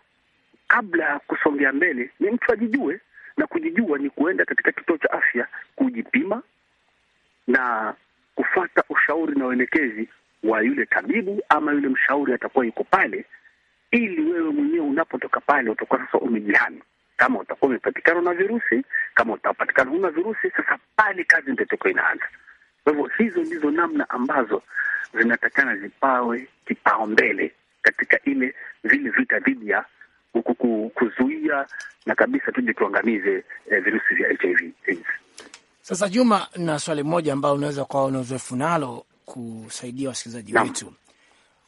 kabla ya kusongea mbele ni mtu ajijue, na kujijua ni kuenda katika kituo cha afya kujipima na kufata ushauri na uelekezi wa yule tabibu ama yule mshauri atakuwa yuko pale, ili wewe mwenyewe unapotoka pale utakuwa sasa umejihami. Kama utakuwa umepatikana na virusi, kama utapatikana huna virusi, sasa pale kazi ndio inaanza. Kwa hivyo hizo ndizo namna ambazo zinatakana zipawe kipaumbele katika ile vile vita dhidi ya kuzuia na kabisa tuje tuangamize eh, virusi vya HIV AIDS. Sasa Juma, na swali moja ambayo unaweza kuwa una uzoefu nalo kusaidia wasikilizaji wetu,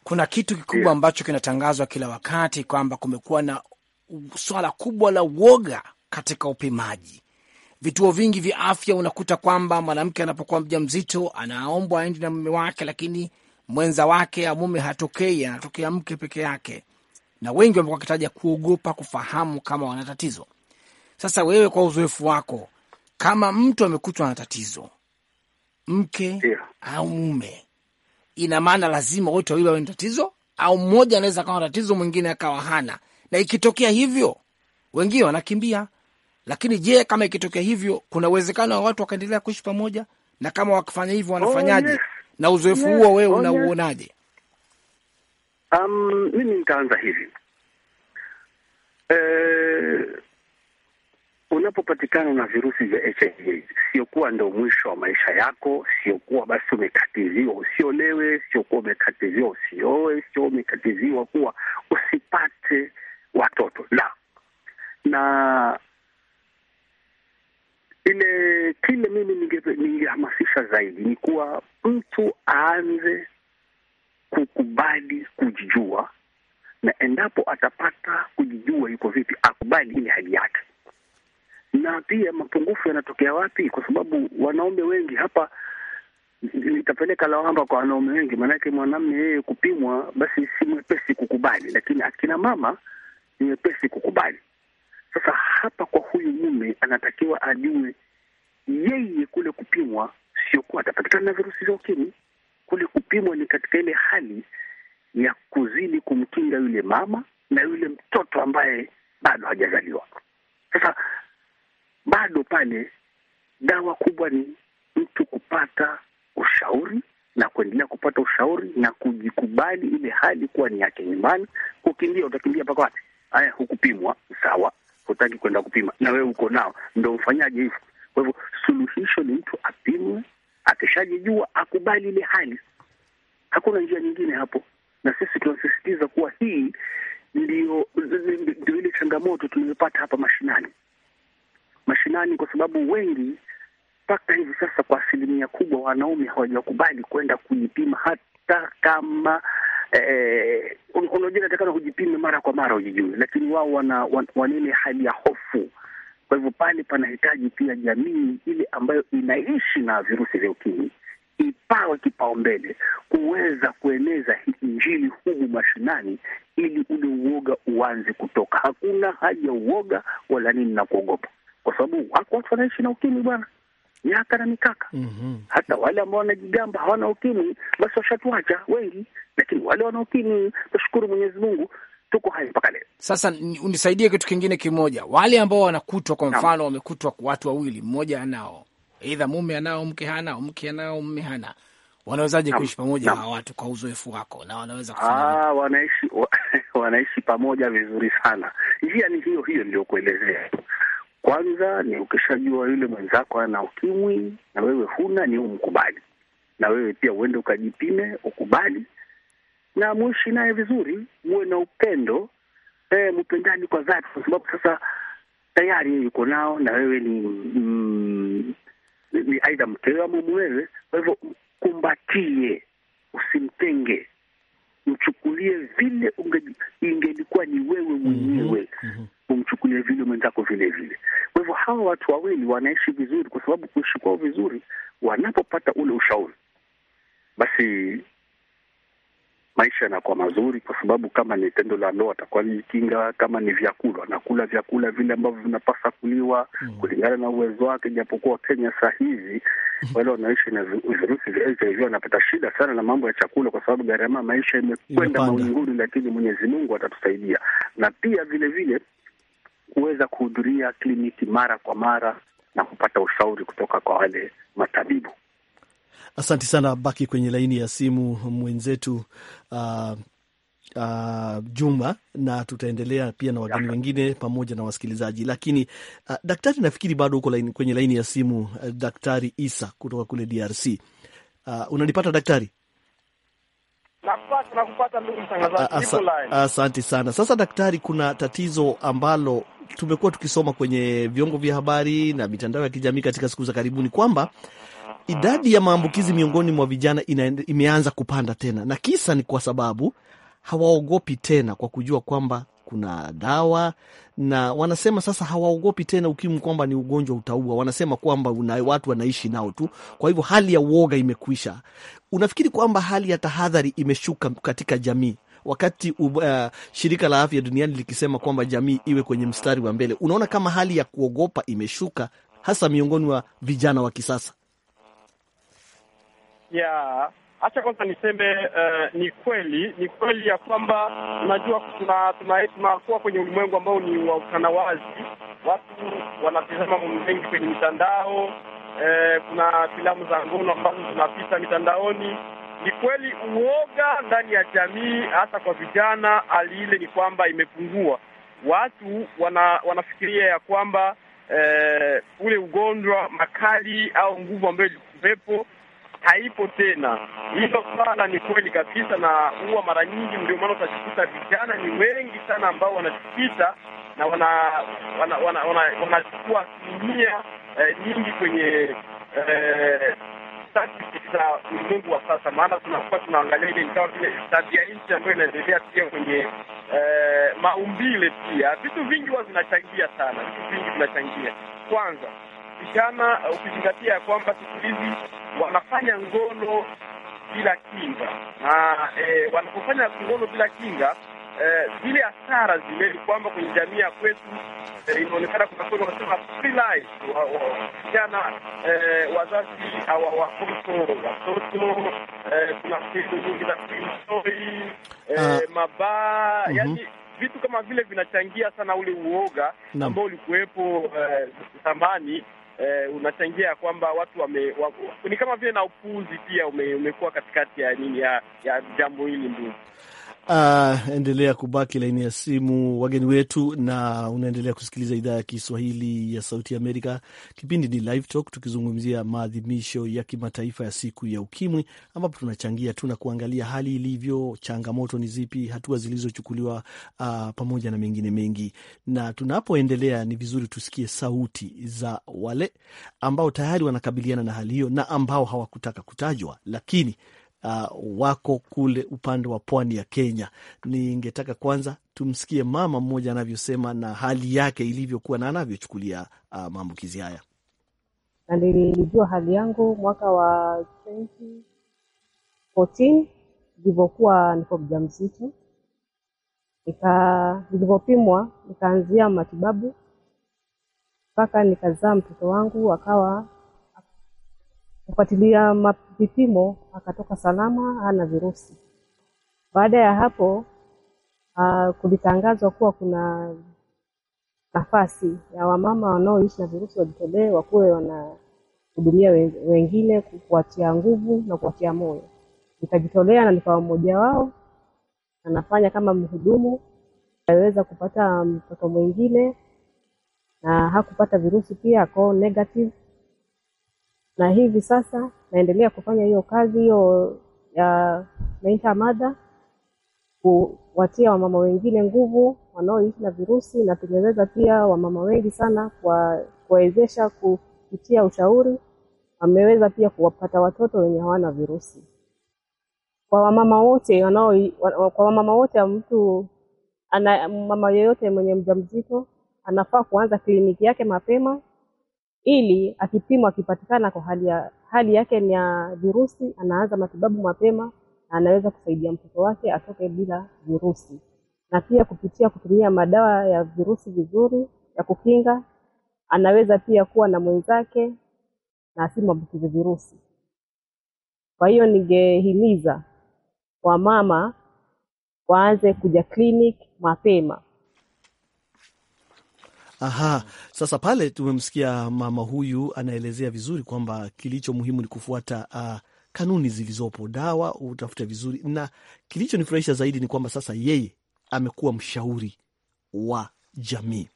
kuna kitu kikubwa yeah, ambacho kinatangazwa kila wakati kwamba kumekuwa na swala kubwa la uoga katika upimaji vituo vingi vya afya unakuta kwamba mwanamke anapokuwa mja mzito anaombwa aende na mume wake, lakini mwenza wake amume mume hatokei, anatokea mke peke yake na wengi wamekuwa wakitaja kuogopa kufahamu kama wana tatizo. Sasa wewe, kwa uzoefu wako, kama mtu amekutwa na tatizo, mke yeah, au mume, ina maana lazima wote wawili wawe na tatizo, au mmoja anaweza akawa na tatizo, mwingine akawa hana? Na ikitokea hivyo, wengine wanakimbia. Lakini je, kama ikitokea hivyo, kuna uwezekano wa watu wakaendelea kuishi pamoja? Na kama wakifanya hivyo, wanafanyaje? Oh, yes. Na uzoefu huo oh, yes, wewe unauonaje? Um, mimi nitaanza hivi e, unapopatikana na virusi vya HIV siokuwa ndo mwisho wa maisha yako, siokuwa basi umekatiziwa usiolewe, siokuwa umekatiziwa usioe, sio umekatiziwa kuwa usipate watoto la na ile kile mimi ningehamasisha ninge zaidi ni kuwa mtu aanze kukubali kujijua, na endapo atapata kujijua yuko vipi, akubali ile hali yake. Na pia mapungufu yanatokea wapi? Kwa sababu wanaume wengi hapa nitapeleka lawama kwa wanaume wengi, maanake mwanamme yeye kupimwa basi si mwepesi kukubali, lakini akina mama ni mwepesi kukubali. Sasa hapa kwa huyu mume anatakiwa ajue yeye kule kupimwa sio kuwa atapatikana na virusi vya ukimwi kule kupimwa ni katika ile hali ya kuzidi kumkinga yule mama na yule mtoto ambaye bado hajazaliwa. Sasa bado pale dawa kubwa ni mtu kupata ushauri na kuendelea kupata ushauri na kujikubali ile hali kuwa ni yake nyumbani. Kukimbia utakimbia mpaka wapi? Haya, hukupimwa sawa, hutaki kwenda kupima na wewe uko nao, ndo mfanyaje hivo? Kwa hivyo suluhisho ni mtu apimwe, akishajijua akubali ile hali, hakuna njia nyingine hapo. Na sisi tunasisitiza kuwa hii ndio ndio ile changamoto tunayopata hapa mashinani mashinani, kwa sababu wengi mpaka hivi sasa kwa asilimia kubwa wanaume hawajakubali kwenda kujipima, hata kama eh, unajua natakana kujipima mara kwa mara ujijue, lakini wao wana, wana, hali ya hofu kwa hivyo pale panahitaji pia jamii ile ambayo inaishi na virusi vya ukimwi ipawe kipaumbele kuweza kueneza hii Injili humu mashinani, ili ule uoga uanze kutoka. Hakuna haja uoga wala nini na kuogopa, kwa sababu wako watu wanaishi na ukimwi bwana, miaka na mikaka. mm -hmm. Hata wale ambao wanajigamba hawana ukimwi basi washatuacha wengi, lakini wale wana ukimwi, tashukuru Mwenyezi Mungu, tuko hai mpaka leo. Sasa unisaidie kitu kingine kimoja, wale ambao wanakutwa, kwa mfano wamekutwa watu wawili, mmoja anao aidha mume anao, mke hanao, mke anao, mume hana, wanawezaje kuishi pamoja hawa watu kwa uzoefu wako? Na wanaweza ah, kufanya wanaishi wanaishi pamoja vizuri sana. Njia ni hiyo hiyo niliyokuelezea. Kwanza ni ukishajua yule mwenzako ana ukimwi na wewe huna, ni umkubali, na wewe pia uende ukajipime, ukubali na muishi naye vizuri, muwe na upendo e, mpendani kwa dhati, kwa sababu sasa tayari yuko nao na wewe ni mm, ni aidha mkewe ama mumewe. Kwa hivyo kumbatie usimtenge, mchukulie vile ingelikuwa ni wewe mhm, mwenyewe mm -hmm. Umchukulie vile mwenzako vile vile. Kwa hivyo hawa watu wawili wanaishi vizuri, kwa sababu kuishi kwao vizuri, wanapopata ule ushauri basi maisha yanakuwa mazuri, kwa sababu kama ni tendo la ndoa atakuwa amejikinga. Kama ni vyakula, anakula vyakula vile ambavyo vinapasa kuliwa mm, kulingana na uwezo wake. Japokuwa Kenya saa hizi wale wanaishi na virusi vya HIV wanapata shida sana na mambo ya chakula, kwa sababu gharama maisha imekwenda mawinguni, lakini Mwenyezi Mungu atatusaidia, na pia vile vile kuweza kuhudhuria kliniki mara kwa mara na kupata ushauri kutoka kwa wale matabibu. Asante sana, baki kwenye laini ya simu mwenzetu uh, uh, Juma, na tutaendelea pia na wageni wengine pamoja na wasikilizaji. Lakini uh, daktari, nafikiri bado uko laini, kwenye laini ya simu uh, Daktari Isa kutoka kule DRC. Uh, unanipata daktari? Asante sana. Sasa daktari, kuna tatizo ambalo tumekuwa tukisoma kwenye vyombo vya habari na mitandao ya kijamii katika siku za karibuni kwamba idadi ya maambukizi miongoni mwa vijana ina, imeanza kupanda tena, na kisa ni kwa sababu hawaogopi tena, kwa kujua kwamba kuna dawa na wanasema sasa hawaogopi tena ukimwi, kwamba ni ugonjwa utaua. Wanasema kwamba una watu wanaishi nao tu, kwa hivyo hali ya uoga imekwisha. Unafikiri kwamba hali ya tahadhari imeshuka katika jamii wakati uh, shirika la afya duniani likisema kwamba jamii iwe kwenye mstari wa mbele? Unaona kama hali ya kuogopa imeshuka hasa miongoni mwa vijana wa kisasa? ya hacha kwanza niseme uh, ni kweli ni kweli ya kwamba unajua, tunakuwa kwenye ulimwengu ambao ni wa utanawazi watu wanatizama mambo mengi kwenye mitandao eh, kuna filamu za ngono ambazo zinapita mitandaoni. Ni kweli uoga ndani ya jamii, hata kwa vijana, hali ile ni kwamba imepungua. Watu wana, wanafikiria ya kwamba eh, ule ugonjwa makali au nguvu ambayo ilikuwepo haipo tena. Hilo swala ni kweli kabisa, na huwa mara nyingi, ndio maana utajikuta vijana ni wengi sana ambao wanajikita na wanachukua wana, wana, wana, wana asilimia eh, nyingi kwenye eh, za ulimwengu wa sasa, maana tunakuwa tunaangalia ile ikawa vile tabia nchi ambayo inaendelea pia kwenye eh, maumbile, pia vitu vingi huwa vinachangia sana, vitu vingi vinachangia kwanza vijana, ukizingatia kwamba siku hizi wanafanya ngono bila kinga na eh, wanapofanya ngono bila kinga e, zile eh, hasara zile ni kwamba kwenye jamii ya kwetu eh, inaonekana kuna wanasema free life, vijana eh, wazazi awa watoto watoto, eh, kuna vitu nyingi za kuenjoy eh, ah. mabaa mm -hmm. yani vitu kama vile vinachangia sana ule uoga ambao ulikuwepo e, zamani eh, eh, unachangia kwamba watu wame, wame, ni kama vile na upuuzi pia ume, umekuwa katikati ya nini ya, ya jambo hili ndugu. Uh, endelea kubaki laini ya simu, wageni wetu, na unaendelea kusikiliza idhaa ya Kiswahili ya Sauti Amerika. Kipindi ni Live Talk, tukizungumzia maadhimisho ya kimataifa ya siku ya Ukimwi, ambapo tunachangia tu na kuangalia hali ilivyo, changamoto ni zipi, hatua zilizochukuliwa, uh, pamoja na mengine mengi. Na tunapoendelea, ni vizuri tusikie sauti za wale ambao tayari wanakabiliana na hali hiyo na ambao hawakutaka kutajwa, lakini uh, wako kule upande wa pwani ya Kenya. Ningetaka kwanza tumsikie mama mmoja anavyosema na hali yake ilivyokuwa na anavyochukulia uh, maambukizi haya. Na nilijua hali yangu mwaka wa 2014 ilivyokuwa niko mja mzito, nilivyopimwa nikaanzia matibabu mpaka nikazaa mtoto wangu akawa kufuatilia vipimo, akatoka salama, hana virusi. Baada ya hapo uh, kulitangazwa kuwa kuna nafasi ya wamama wanaoishi na virusi wajitolee, wakuwe wanahudumia wengine, kuwatia nguvu na kuwatia moyo. Nikajitolea na nikawa mmoja wao, anafanya kama mhudumu. Aliweza kupata mtoto mwingine na hakupata virusi pia, ako negative na hivi sasa naendelea kufanya hiyo kazi hiyo ya naita mother, kuwatia wamama wengine nguvu wanaoishi na virusi, na tumeweza pia wamama wengi sana kuwawezesha kupitia ushauri, wameweza pia kuwapata watoto wenye hawana virusi. Kwa wamama wote wanao, kwa wamama wote mtu ana, mama yeyote mwenye mjamzito anafaa kuanza kliniki yake mapema ili akipimwa akipatikana kwa hali, ya, hali yake ni ya virusi, anaanza matibabu mapema na anaweza kusaidia mtoto wake atoke bila virusi, na pia kupitia kutumia madawa ya virusi vizuri ya kukinga, anaweza pia kuwa na mwenzake na asimuambukize virusi. Kwa hiyo ningehimiza kwa mama waanze kuja clinic mapema. Aha, sasa pale tumemsikia mama huyu anaelezea vizuri kwamba kilicho muhimu ni kufuata uh, kanuni zilizopo, dawa utafute vizuri, na kilichonifurahisha zaidi ni kwamba sasa yeye amekuwa mshauri wa jamii.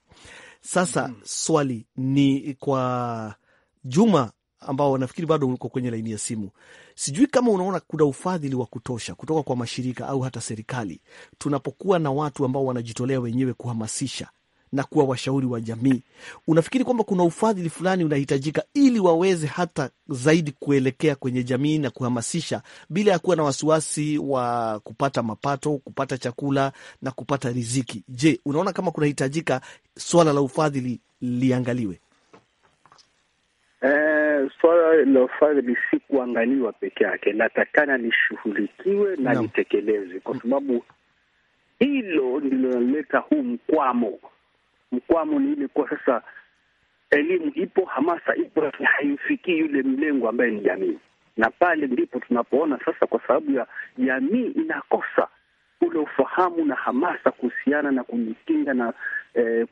Sasa mm -hmm. Swali ni kwa Juma ambao nafikiri bado uko kwenye laini ya simu. Sijui kama unaona kuna ufadhili wa kutosha kutoka kwa mashirika au hata serikali, tunapokuwa na watu ambao wanajitolea wenyewe kuhamasisha na kuwa washauri wa jamii. Unafikiri kwamba kuna ufadhili fulani unahitajika ili waweze hata zaidi kuelekea kwenye jamii na kuhamasisha bila ya kuwa na wasiwasi wa kupata mapato, kupata chakula na kupata riziki? Je, unaona kama kunahitajika swala la ufadhili liangaliwe? Eh, swala la ufadhili si kuangaliwa peke yake, natakana lishughulikiwe na litekelezwe, kwa sababu hilo ndilo huu mkwamo mkwamo ni ile kuwa sasa elimu ipo, hamasa ipo, lakini haimfikii yule mlengo ambaye ni jamii, na pale ndipo tunapoona sasa, kwa sababu ya jamii inakosa ule ufahamu na hamasa kuhusiana na kujikinga na eh,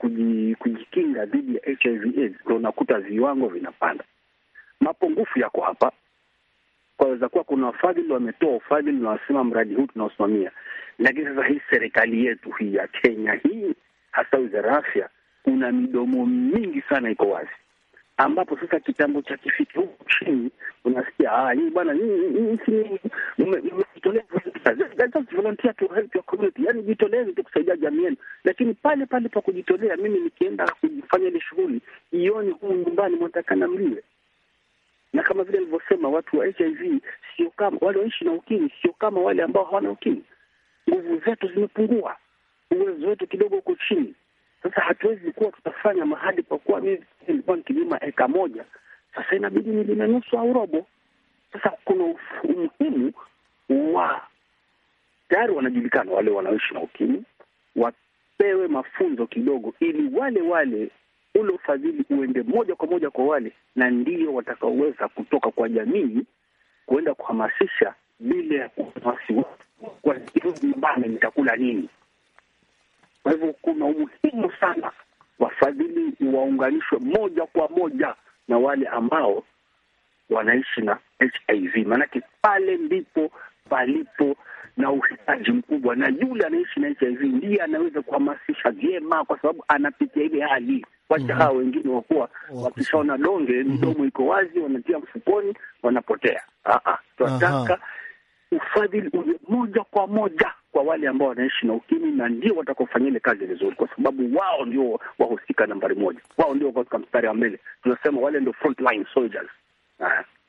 kujikinga dhidi ya HIV AIDS, ndo unakuta viwango vinapanda. Mapungufu yako hapa, kwaweza kuwa kuna wafadhili wametoa ufadhili na wasema mradi huu tunaosimamia, lakini sasa hii serikali yetu hii ya Kenya hii hasa wizara ya afya, una midomo mingi sana iko wazi, ambapo sasa kitambo cha kifiki huku chini unasikia ah, hii bwana, mmejitolea to help your community, yani jitoleeni tu kusaidia jamii yenu, lakini pale pale pa kujitolea, mimi nikienda kujifanya ile shughuli ioni huu nyumbani mwatakana mliwe na kama vile nilivyosema, watu wa HIV sio kama wale waishi na ukimwi, sio kama wale ambao hawana ukimwi. Nguvu zetu zimepungua, uwezo wetu kidogo uko chini. Sasa hatuwezi kuwa tutafanya mahali pakuwa, mimi nilikuwa nikilima eka moja, sasa inabidi nilime nusu au robo. Sasa kuna umuhimu wa tayari wanajulikana wale wanaoishi na ukimwi wapewe mafunzo kidogo, ili wale wale ule ufadhili uende moja kwa moja kwa wale, na ndiyo watakaoweza kutoka kwa jamii kuenda kuhamasisha bila ya kuwasiwasi, nitakula nini kwa hivyo kuna umuhimu sana wafadhili waunganishwe moja kwa moja na wale ambao wanaishi na HIV, maanake pale ndipo palipo na uhitaji mkubwa, na yule anaishi na HIV ndiye anaweza kuhamasisha vyema, kwa sababu anapitia ile hali. Wacha mm -hmm. hawa wengine wakuwa wakishaona donge, midomo mhm. mm -hmm. iko wazi, wanatia mfukoni, wanapotea. Ah, ah. Tunataka ufadhili uje moja kwa moja kwa wale ambao wanaishi na ukimwi, na ndio watakaofanyia ile kazi vizuri, kwa sababu wao ndio wahusika nambari moja, wao ndio wako katika mstari wa mbele. Tunasema wale ndio frontline soldiers.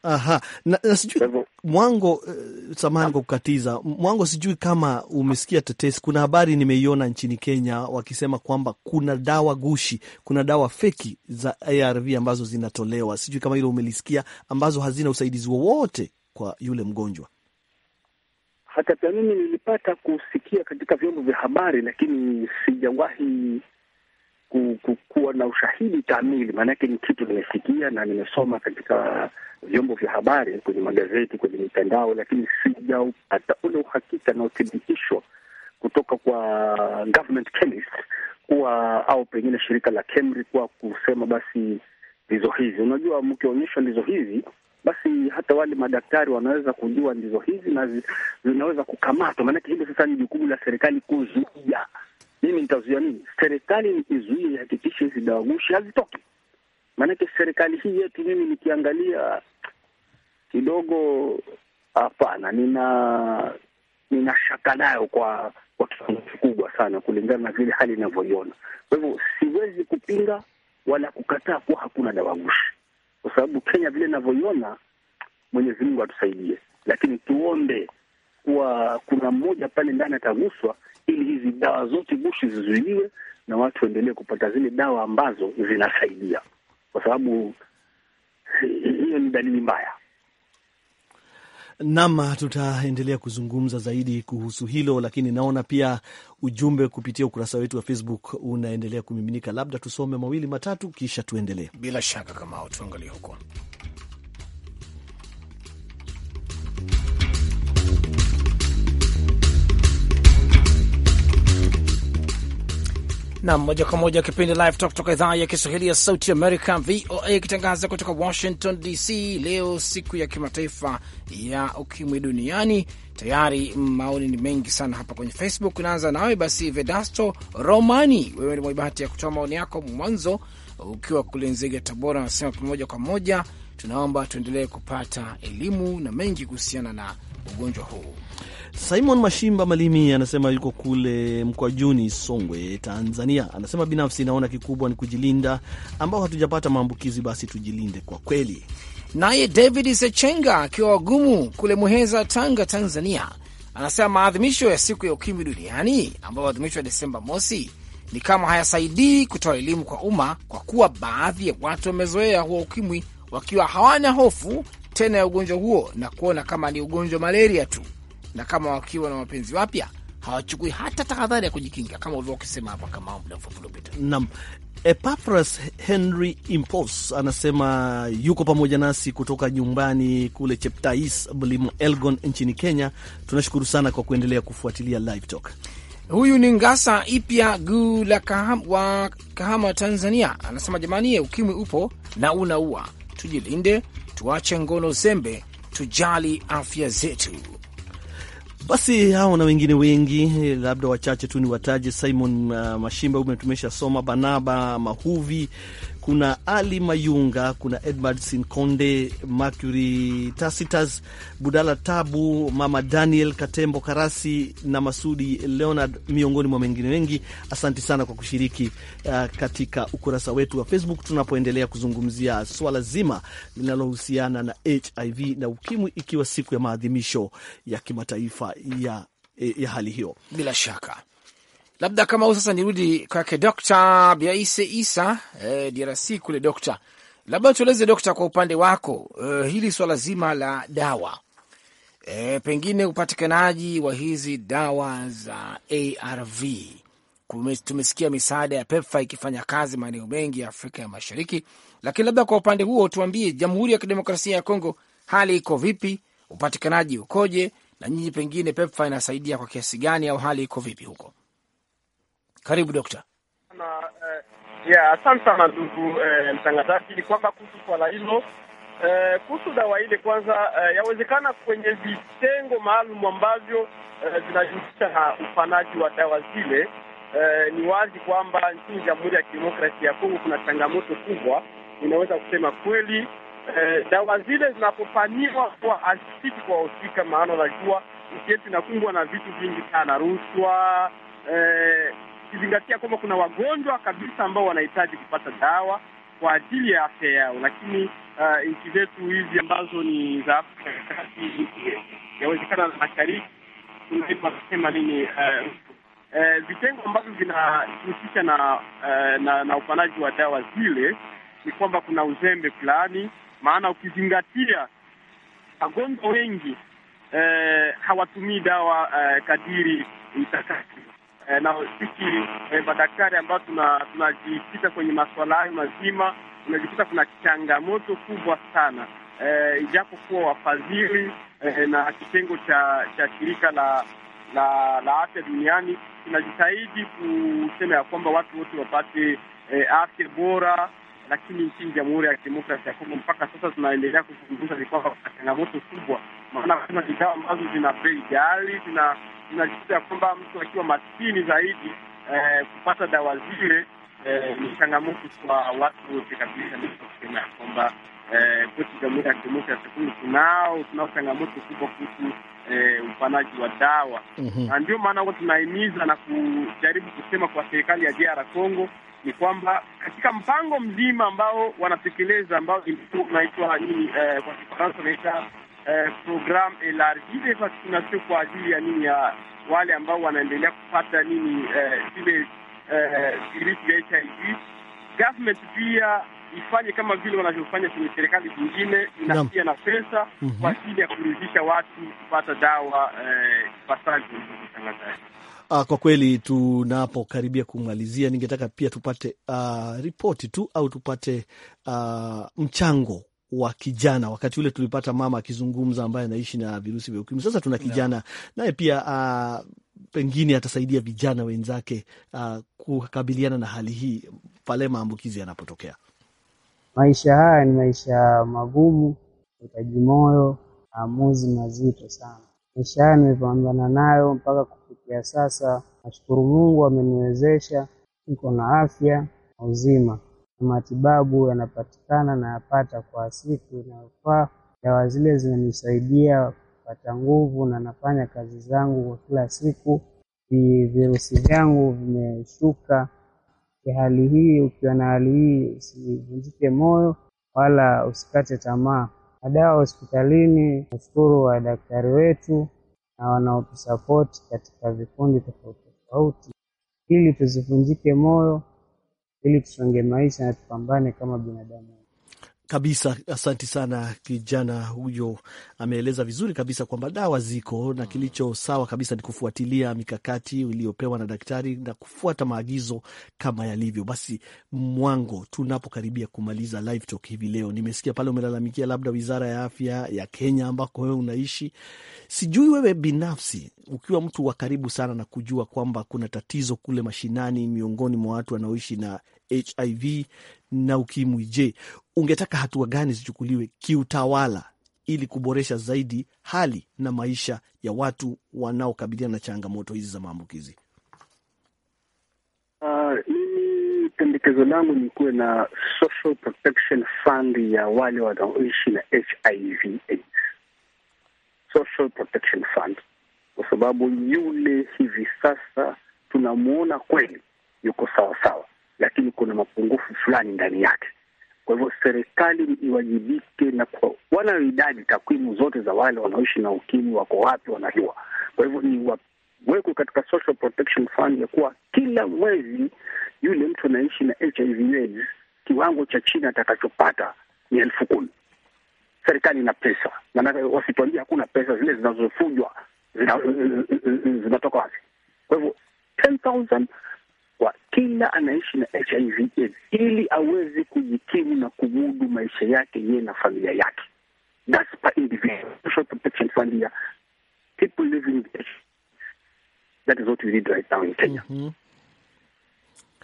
Aha. Na, na sijui Mwango, uh, samahani kwa kukatiza Mwango, sijui kama umesikia tetesi. Kuna habari nimeiona nchini Kenya wakisema kwamba kuna dawa gushi, kuna dawa feki za ARV ambazo zinatolewa, sijui kama hilo umelisikia, ambazo hazina usaidizi wowote kwa yule mgonjwa. Hata pia mimi nilipata kusikia katika vyombo vya habari, lakini sijawahi ku, ku, kuwa na ushahidi kamili. Maanake ni kitu nimesikia na nimesoma katika vyombo vya habari, kwenye magazeti, kwenye mitandao, lakini sijaupata ule uhakika na uthibitisho kutoka kwa government chemist kuwa au pengine shirika la KEMRI kuwa kusema basi ndizo hizi. Unajua, mkionyeshwa ndizo hizi basi hata wale madaktari wanaweza kujua ndizo hizi na zinaweza kukamatwa. Maanake hilo sasa ni jukumu la serikali kuzuia. Mimi nitazuia nini? Serikali izuie, ihakikishe hizi dawa gushi hazitoki. Maanake serikali hii yetu, mimi nikiangalia kidogo, hapana, nina nina shaka nayo kwa kwa kiwango kikubwa sana, kulingana na vile hali inavyoiona. Kwa hivyo siwezi kupinga wala kukataa kuwa hakuna dawa gushi kwa sababu Kenya vile inavyoiona, Mwenyezi Mungu atusaidie, lakini tuombe kuwa kuna mmoja pale ndani ataguswa, ili hizi dawa zote gushi zizuiliwe na watu waendelee kupata zile dawa ambazo zinasaidia, kwa sababu eh, hiyo ni dalili mbaya nam tutaendelea kuzungumza zaidi kuhusu hilo, lakini naona pia ujumbe kupitia ukurasa wetu wa Facebook unaendelea kumiminika. Labda tusome mawili matatu, kisha tuendelee. Bila shaka, kama tuangalie huko Nam moja kwa moja kipindi Live Talk kutoka idhaa ya Kiswahili ya Sauti Amerika, VOA, ikitangaza kutoka Washington DC. Leo siku ya kimataifa ya ukimwi duniani. Tayari maoni ni mengi sana hapa kwenye Facebook. Unaanza nawe basi, Vedasto Romani, wewe ni mwenye bahati ya kutoa maoni yako mwanzo, ukiwa kule Nzega, Tabora. Anasema moja kwa moja, tunaomba tuendelee kupata elimu na mengi kuhusiana na ugonjwa huu. Simon Mashimba Malimi anasema yuko kule Mkwajuni, Songwe, Tanzania. Anasema binafsi naona kikubwa ni kujilinda, ambao hatujapata maambukizi, basi tujilinde kwa kweli. Naye David Sechenga akiwa wagumu kule Muheza, Tanga, Tanzania, anasema maadhimisho ya siku ya ukimwi duniani ambayo huadhimishwa Desemba mosi ni kama hayasaidii kutoa elimu kwa umma, kwa kuwa baadhi ya watu wamezoea huwa ukimwi wakiwa hawana hofu tena ya ugonjwa huo na kuona kama ni ugonjwa malaria tu na kama wakiwa na wapenzi wapya hawachukui hata tahadhari ya kujikinga kama ulivyokisema hapa kama muda mfupi uliopita. Naam. Epafras Henry Impos anasema yuko pamoja nasi kutoka nyumbani kule Cheptais, mlimo Elgon nchini Kenya. Tunashukuru sana kwa kuendelea kufuatilia Live Talk. Huyu ni Ngasa Ipya Guu la kaham, wa Kahama, Tanzania, anasema jamani ye, ukimwi upo na unaua, tujilinde, tuache ngono zembe, tujali afya zetu. Basi hao na wengine wengi, labda wachache tu ni wataje. Simon uh, Mashimba umetumesha soma Banaba Mahuvi kuna Ali Mayunga, kuna Edward Sinkonde, Mercury Tacitus, Budala Tabu, Mama Daniel Katembo Karasi na Masudi Leonard, miongoni mwa mengine wengi. Asanti sana kwa kushiriki uh, katika ukurasa wetu wa Facebook tunapoendelea kuzungumzia swala zima linalohusiana na HIV na UKIMWI, ikiwa siku ya maadhimisho ya kimataifa ya, eh, ya hali hiyo. Bila shaka Labda kama huu sasa, nirudi kwake Dokta Biaise Isa eh, DRC kule. Dokta, labda tueleze dokta, kwa upande wako eh, hili swala zima la dawa eh, pengine upatikanaji wa hizi dawa za ARV tumesikia misaada ya PEPFA ikifanya kazi maeneo mengi ya Afrika ya Mashariki, lakini labda kwa upande huo tuambie, Jamhuri ya Kidemokrasia ya Kongo hali iko vipi? Upatikanaji ukoje? Na nyinyi pengine PEPFA inasaidia kwa kiasi gani, au hali iko vipi huko? Karibu Dokta. Eh, asante sana ndugu eh, mtangazaji. Ni kwamba kuhusu swala hilo, eh, kuhusu dawa ile, kwanza yawezekana kwenye vitengo maalum ambavyo zinajihusisha na ufanaji wa dawa zile Eh, ni wazi kwamba nchini Jamhuri ya Kidemokrasia ya Kongo kuna changamoto kubwa, inaweza kusema kweli. Eh, dawa zile zinapofanyiwa kuwa asifiki kwa wahusika, maana najua nchi yetu inakumbwa na vitu vingi sana, rushwa, eh, ukizingatia kwamba kuna wagonjwa kabisa ambao wanahitaji kupata dawa kwa ajili ya afya yao, lakini uh, nchi zetu hizi ambazo ni za Afrika ya kati, yawezekana na mashariki, tunasema nini uh, uh, vitengo ambavyo vinahusisha na, uh, na na upanaji wa dawa zile, ni kwamba kuna uzembe fulani, maana ukizingatia wagonjwa wengi uh, hawatumii dawa uh, kadiri itakati eh, na hospitali eh, madaktari ambao tunajikita kwenye masuala hayo mazima, tunajikuta kuna changamoto kubwa sana eh, ijapokuwa wafadhili eh, na kitengo cha cha shirika la la, la afya duniani tunajitahidi kusema ya kwamba watu wote wapate eh, afya bora, lakini nchini Jamhuri ya Kidemokrasi ya Kongo mpaka sasa tunaendelea kuzungumza ni kwamba kuna changamoto kubwa, maana kuna bidhaa ambazo zina bei ghali zina tunajikuta ya kwamba mtu akiwa maskini zaidi eh, kupata dawa zile eh, ni changamoto kwa watu wote kabisa. Kusema ya kwamba eh, kwetu Jamhuri ya Kidemokrasia Kongo tunao tunao changamoto kubwa kuhusu eh, upanaji wa dawa mm -hmm. Na ndio maana huwa tunahimiza na kujaribu kusema kwa serikali ya DR Congo ni kwamba katika mpango mzima ambao wanatekeleza ambao unaitwa nini, eh, kwa Kifaransa unaita eh, programu elargi de vaccination kwa ajili ya nini euh, ya wale ambao wanaendelea kupata nini eh, zile eh, virusi vya HIV. Government pia ifanye kama vile wanavyofanya kwenye serikali zingine, inatia na pesa mm -hmm. kwa ajili ya kurudisha watu kupata dawa eh, ah, kwa kweli tunapokaribia kumalizia, ningetaka pia tupate uh, ripoti tu au tupate uh, mchango wa kijana. Wakati ule tulipata mama akizungumza ambaye anaishi na virusi vya ukimwi. Sasa tuna kijana naye pia uh, pengine atasaidia vijana wenzake uh, kukabiliana na hali hii pale maambukizi yanapotokea. Maisha haya ni maisha magumu, utaji moyo, maamuzi mazito sana. Maisha haya nimepambana nayo mpaka kufikia sasa. Nashukuru Mungu ameniwezesha, niko na afya na uzima matibabu yanapatikana nayapata kwa siku inayofaa. Dawa zile zinanisaidia kupata nguvu na nafanya kazi zangu kwa kila siku, virusi vyangu vimeshuka. Hali hii ukiwa na hali hii, usivunjike moyo wala usikate tamaa. Madawa hospitalini, nashukuru wadaktari wetu na wanaotusapoti katika vikundi tofauti tofauti, ili tusivunjike moyo ili tusonge maisha na tupambane kama binadamu kabisa, asanti sana. Kijana huyo ameeleza vizuri kabisa kwamba dawa ziko na kilicho sawa kabisa ni kufuatilia mikakati iliyopewa na daktari na kufuata maagizo kama yalivyo. Basi Mwango, tunapokaribia kumaliza live talk hivi leo, nimesikia pale umelalamikia labda wizara ya afya ya Kenya ambako wewe unaishi. Sijui wewe binafsi ukiwa mtu wa karibu sana na kujua kwamba kuna tatizo kule mashinani miongoni mwa watu wanaoishi na HIV na ukimwi. Je, ungetaka hatua gani zichukuliwe kiutawala ili kuboresha zaidi hali na maisha ya watu wanaokabiliana na changamoto hizi za maambukizi? Ah, mimi pendekezo langu ni kuwe na social protection fund ya wale wanaoishi na HIV AIDS. Social protection fund, kwa sababu yule hivi sasa tunamwona kweli yuko sawasawa sawa lakini kuna mapungufu fulani ndani yake. Kwa hivyo serikali iwajibike na kwa wana idadi, takwimu zote za wale wanaoishi na ukimwi wako wapi, wanajua. Kwa hivyo ni wawekwe katika social protection fund ya kuwa kila mwezi yule mtu anaishi na HIV AIDS kiwango cha chini atakachopata ni elfu kumi. Serikali ina pesa, maanake wasituambia hakuna pesa. Zile zinazofujwa hivi ili aweze kujikimu na kumudu maisha yake yeye na familia yake. That's per individual social protection fund ya people living That is what we need right now in Kenya. Mm -hmm.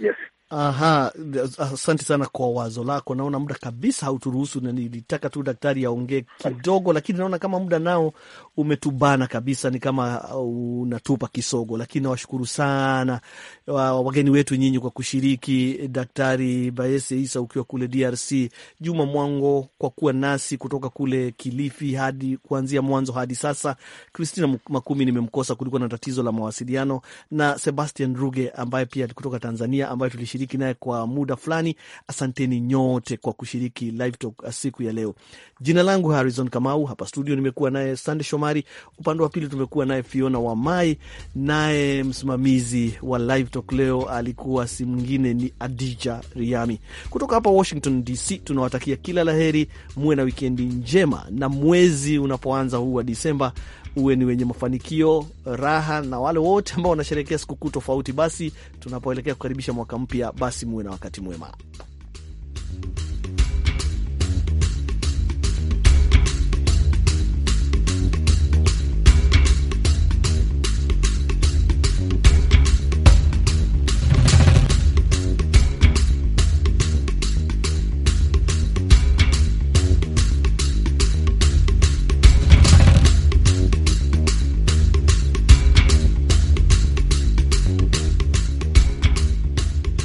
Yes. Aha, asante sana kwa wazo lako. Naona muda kabisa hauturuhusu, na nilitaka tu daktari aongee kidogo, lakini naona kama muda nao umetubana kabisa, ni kama unatupa kisogo. Lakini nawashukuru sana wageni wetu nyinyi kwa kushiriki, Daktari Bayese Isa ukiwa kule DRC, Juma Mwango kwa kuwa nasi kutoka kule Kilifi hadi kuanzia mwanzo hadi sasa, Kristina Makumi nimemkosa, kulikuwa na tatizo la mawasiliano, na Sebastian Ruge ambaye pia kutoka Tanzania ambaye tulishiriki kushiriki naye kwa muda fulani. Asanteni nyote kwa kushiriki live talk uh, siku ya leo. Jina langu Harrison Kamau, hapa studio nimekuwa naye Sande Shomari, upande wa pili tumekuwa naye Fiona Wamai, naye msimamizi wa live talk leo alikuwa si mwingine ni Adija Riami. Kutoka hapa Washington DC tunawatakia kila laheri, muwe na wikendi njema, na mwezi unapoanza huu wa Disemba uwe ni wenye mafanikio, raha na wale wote ambao wanasherehekea sikukuu tofauti. Basi tunapoelekea kukaribisha mwaka mpya, basi muwe na wakati mwema.